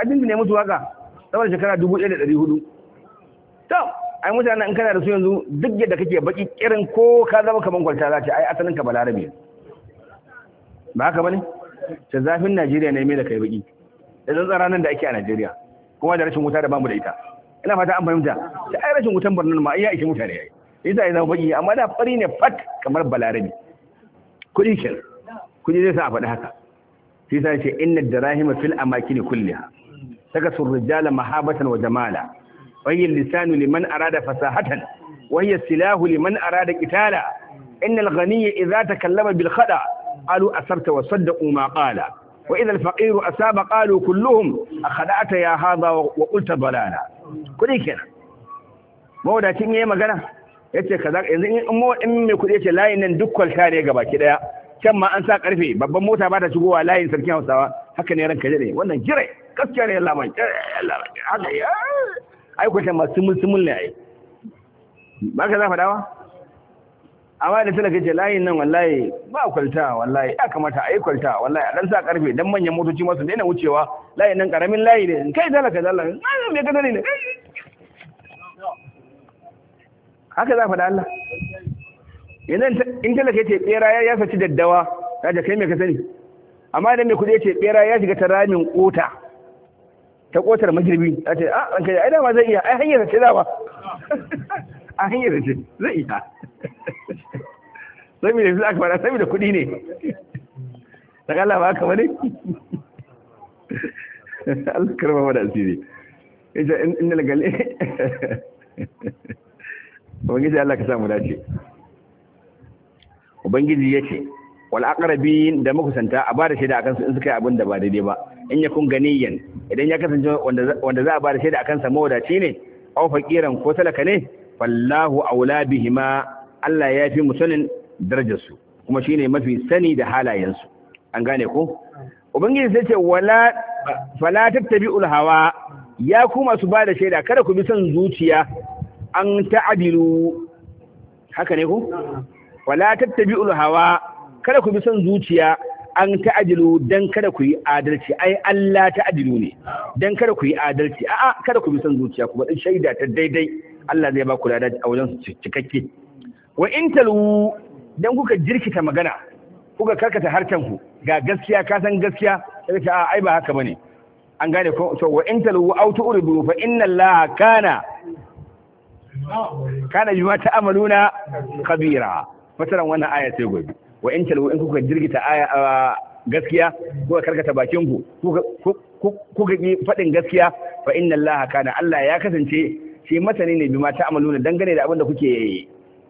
Speaker 1: abin ne mutu waka saboda shekara 1400 to ai mutanen in kana da su yanzu duk yadda kake baki kirin ko ka zama kaman kwalta za ta ai asalin ka balarabe ba haka bane ta zafin Najeriya ne mai da kai baki da zan tsara nan da ake a Najeriya kuma da rashin wuta da bamu da ita ina fata an fahimta ta ai rashin wutan barnan ma iya ishe mutane yayi yasa ya zama baki amma da fari ne fat kamar balarabi kudi ke kudi zai sa a faɗi haka shi sai ce inna darahima fil amakin kulliha takasu rijala mahabatan wa jamala wa lisanu liman arada fasahatan wa hiya silahu liman arada qitala أراد ghaniy إن takallama bil khada بالخدع asarta wa saddaqu ma qala وإذا الفقير أساب قالوا كلهم أخدعت يا هذا وقلت ضلالا kuɗi kenan mawadacin ya yi magana ya ce kaza yanzu in mai kuɗi ya ce layin nan duk kwalta ne ga baki ɗaya can ma an sa ƙarfe babban mota ba ta shigowa layin sarkin hausawa haka ne ranka ne wannan jire gaskiya ne yalla eh, mai haka eh. ai kwata ma sumul sumul ne ai ba ka za faɗawa amma da talaka ce layin nan wallahi ba kwalta wallahi ya kamata a yi kwalta wallahi a dan sa karfe dan manyan motoci masu daina wucewa layin nan karamin layi ne kai talaka zalla na me ka ne haka za da Allah idan in talaka ce tsera ya saci daddawa ya kai me ka sani amma idan mai kudi ce tsera ya shiga ta ramin kota ta kotar magirbi ya ce a ah, ranka ai dama zai iya ai hanyar ce ba a hanyar ce zai iya sami da aka fara sami da kudi ne daga kala ba kama ne Allah ma mada asiri ita inda gale ubangiji Allah ka samu dace ubangiji ya ce wal aqrabin da makusanta a ba da shaida a kansu in suka yi abin da ba daidai ba in ya kun yan idan ya kasance wanda za a ba da shaida a kansa mawadaci ne au faqiran ko talaka ne wallahu aula bihima Allah ya fi musanin darajarsu kuma shine mafi sani da halayensu an gane ko ubangiji sai ce wala fala tattabi'ul hawa ya ku masu ba da shaida kada ku bi son zuciya an ta'dilu haka ne ku wala tattabi'ul hawa kada ku bi son zuciya an ta'dilu dan kada ku yi adalci ai Allah ta'dilu ne dan kada ku yi adalci a'a kada ku bi son zuciya kuma ba shaida ta daidai Allah zai ba ku da a wajen cikakke wa in dan kuka jirkita magana kuka karkata harkan ku ga gaskiya ka san gaskiya sai ka ai ba haka bane an gane ko to wa in talwu aw tu'ridu fa inna allaha kana kana bima ta'maluna khabira fatara wannan aya sai gobe wa in in kuka jirkita aya gaskiya kuka karkata bakin ku kuka ki faɗin gaskiya fa inna allaha kana allah ya kasance shi masani ne bima ta'maluna dangane da abin da kuke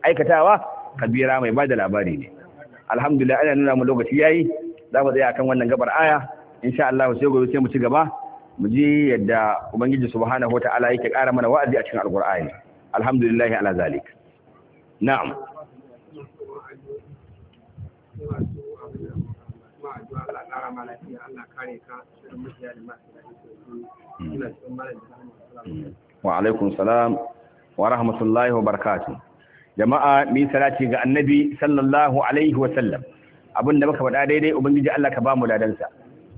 Speaker 1: aikatawa kabira mai ba da labari ne alhamdulillah ana nuna mu lokaci yayi za mu tsaya akan wannan gabar aya insha Allah sai gobe sai mu ci gaba mu ji yadda ubangiji subhanahu wataala yake ƙara mana wa'azi a cikin alqur'ani alhamdulillah ala zalik na'am hmm. Hmm. wa alaikum salam wa rahmatullahi wa barakatun jama'a mi salati ga annabi sallallahu alaihi wa abin da muka faɗa daidai ubangiji Allah ka bamu ladansa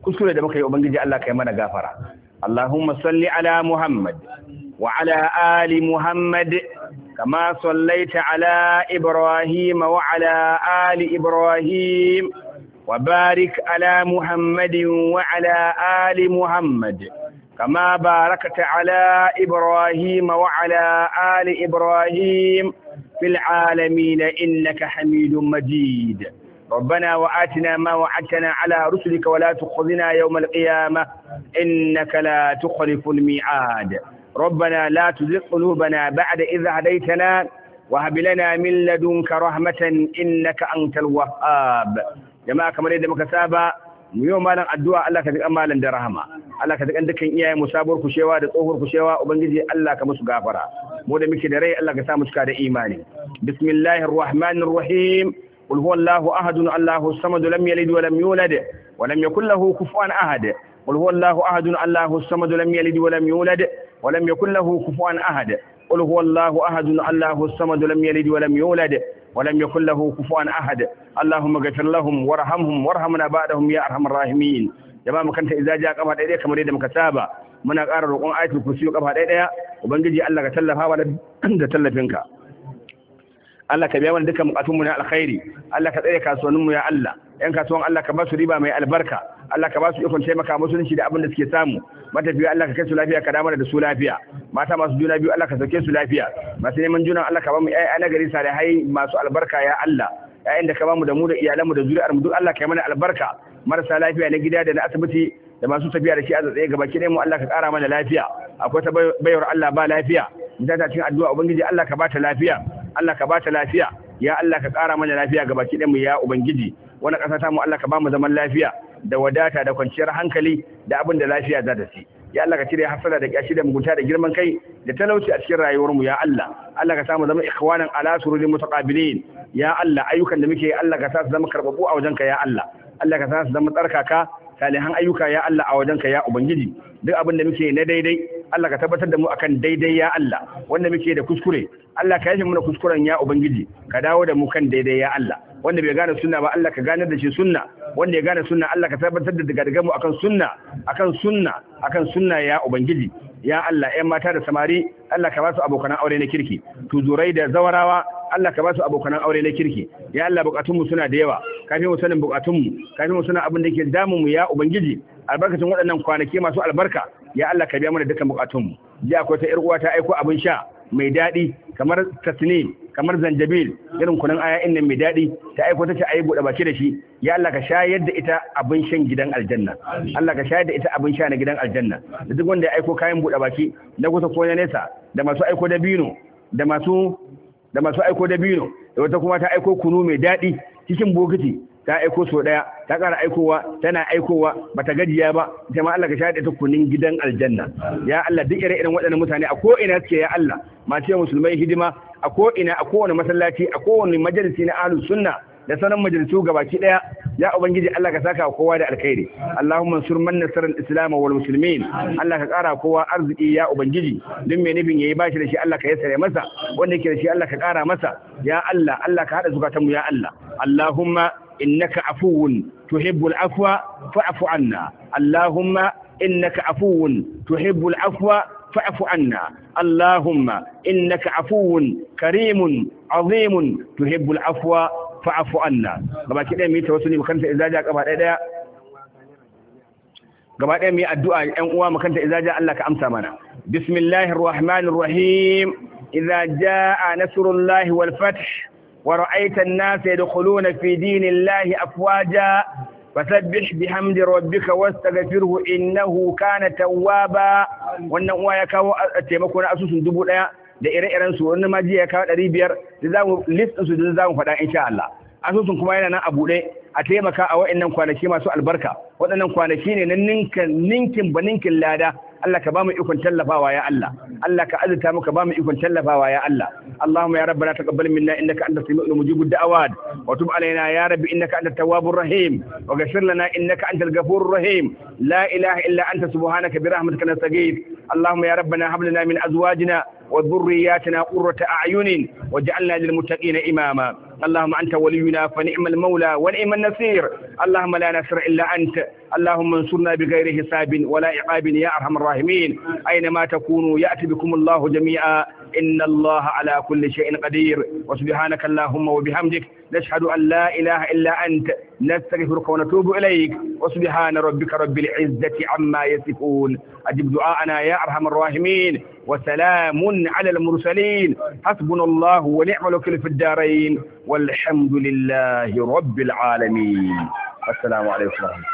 Speaker 1: kuskure da muka yi ubangiji Allah ka yi mana gafara Allahumma salli ala Muhammad wa ala ali Muhammad kama sallaita ala Ibrahim wa ala ali Ibrahim wa barik ala Muhammad wa ala ali Muhammad كما باركت على إبراهيم وعلى آل إبراهيم في العالمين إنك حميد مجيد ربنا وآتنا ما وعدتنا على رسلك ولا تخذنا يوم القيامة إنك لا تخلف الميعاد ربنا لا تزغ قلوبنا بعد إذ هديتنا وهب لنا من لدنك رحمة إنك أنت الوهاب جماعة كما ريد مكسابة mu yi malam addu'a Allah ka ji kan malam da rahama Allah ka ji kan dukkan iyaye, mu sabuwar kushewa da tsohuwar kushewa ubangiji Allah ka musu gafara mu da muke da rai Allah ka sa mu cika da imani bismillahir rahmanir rahim qul huwallahu ahadun allahu samad lam yalid wa lam yulad wa lam yakul lahu kufuwan ahad qul huwallahu ahadun allahu samad lam yalid wa lam yulad wa lam yakul lahu kufuwan ahad qul huwallahu ahadun allahu samad lam yalid wa lam yulad ولم يكن له كفوا أحد اللهم اغفر لهم وارحمهم وارحمنا بعدهم يا أرحم الراحمين jama'a makanta idza ja kafa daidai kamar yadda muka saba muna ƙara roƙon ayatul kursiyo kafa daidai ubangiji Allah ka tallafa wa tallafin ka. Allah ka biya mana dukkan bukatun mu na alkhairi Allah ka tsare kasuwanninmu ya Allah yan kasuwan Allah ka ba su riba mai albarka Allah ka ba su ikon taimaka musulunci da abin da suke samu matafiya Allah ka kai su lafiya ka damar da su lafiya mata masu juna biyu Allah ka sauke su lafiya masu neman juna Allah ka ba mu ƴaƴa na gari salihai masu albarka ya Allah ƴaƴan da ka ba mu da mu da iyalanmu da zuri'ar mu duk Allah ka yi mana albarka marasa lafiya na gida da na asibiti da masu tafiya da shi a tsaye gaba ki mu Allah ka ƙara mana lafiya akwai ta bayar Allah ba lafiya mu ta cikin addu'a ubangiji Allah ka ba ta lafiya Allah ka bata lafiya ya Allah ka ƙara mana lafiya ga baki mu ya ubangiji wani ƙasa ta mu Allah ka ba mu zaman lafiya da wadata da kwanciyar hankali da abin da lafiya za ta ci ya Allah ka cire hasala da ƙyashi, da mugunta da girman kai da talauci a cikin rayuwar mu ya Allah Allah ka mu zama ikhwanan ala sururi mutaqabilin ya Allah ayyukan da muke Allah ka sa su zama karbabu a wajenka ya Allah Allah ka sa su zama tsarkaka salihan ayyuka ya Allah a wajenka ya ubangiji duk abin da muke na daidai Allah ka tabbatar da mu akan daidai ya Allah wanda muke da kuskure Allah ka yafe mana kuskuren ya ubangiji ka dawo da mu kan daidai ya Allah wanda bai gane sunna ba Allah ka ganar da shi sunna wanda ya gane sunna Allah ka tabbatar da daga mu akan sunna akan sunna akan sunna ya ubangiji ya Allah ƴan mata da samari Allah ka ba su abokan aure na kirki tuzurai da zawarawa Allah ka ba su abokan aure na kirki ya Allah bukatun mu suna da yawa kafin mu sanin bukatun mu kafin mu sanin abin da ke damun mu ya ubangiji albarkacin waɗannan kwanaki masu albarka ya Allah ka biya mana dukkan bukatunmu jiya akwai ta uwa ta aiko abin sha mai daɗi kamar tasni, kamar zanjabil irin kunan aya nan mai daɗi ta aiko ta ce ayi buɗe baki da shi ya Allah ka shayar da ita abin shan gidan aljanna Allah ka shayar da ita abin sha na gidan aljanna da duk wanda ya aiko kayan buɗe baki na kusa ko na nesa da masu aiko da bino da masu da masu aiko da bino da wata kuma ta aiko kunu mai daɗi cikin bokiti ta aiko sau daya ta ƙara aikowa tana aikowa bata gajiya ba ita ma Allah ka shaɗe ta kunin gidan aljanna ya Allah duk ire irin waɗannan mutane a ko ina suke ya Allah masu musulmai hidima a ko ina a kowane masallaci a kowane majalisi na ahlus sunna da sanan majalisu gabaki daya ya ubangiji Allah ka saka kowa da alkhairi Allahumma sur man nasara al-islam wal muslimin Allah ka kara kowa arziki ya ubangiji duk mai nufin yayi bashi da shi Allah ka yasare masa wanda yake da shi Allah ka kara masa ya Allah Allah ka hada zukatanmu ya Allah Allahumma innaka afuwun tuhibbul afwa fa'fu anna allahumma innaka afuwun tuhibbul afwa fa'fu anna allahumma innaka afuwun karimun azimun tuhibbul afwa fa'fu anna gaba ki dai mu tawassuli mu kanta izaja gaba daya daya gaba daya mu addu'a ƴan uwa mu kanta izaja Allah ka amsa mana bismillahir rahmanir rahim jaa nasrullahi wal ورأيت الناس يدخلون في دين الله أفواجا فسبح بحمد ربك واستغفره إنه كان توابا wannan uwa ya kawo taimako na asusun dubu ɗaya da ire-iren su ma maji ya kawo ɗari biyar da za mu list su da za mu faɗa insha Allah asusun kuma yana nan a buɗe a taimaka a wa'annan kwanaki masu albarka waɗannan kwanaki ne na ninkin ba ninkin lada Allah ka bamu ikon tallafawa ya Allah Allah ka azurta mu ka bamu ikon tallafawa ya Allah Allahumma ya rabbana taqabbal minna innaka antas samiul mujibud da'awat wa tub alaina ya rabbi innaka antat tawwabur rahim wa ghfir lana innaka antal ghafurur rahim la ilaha illa anta subhanaka bi rahmatika nastaghith Allahumma ya rabbana hab lana min azwajina wa dhurriyyatina qurrata a'yunin waj'alna lil muttaqina imama اللهم أنت ولينا فنعم المولى ونعم النصير اللهم لا نصر إلا أنت اللهم انصرنا بغير حساب ولا عقاب يا أرحم الراحمين أينما تكونوا يأتي بكم الله جميعا إن الله على كل شيء قدير وسبحانك اللهم وبحمدك نشهد أن لا إله إلا أنت نستغفرك ونتوب إليك وسبحان ربك رب العزة عما يصفون أجب دعاءنا يا أرحم الراحمين وسلام على المرسلين حسبنا الله ونعم الوكيل في الدارين والحمد لله رب العالمين السلام عليكم ورحمة الله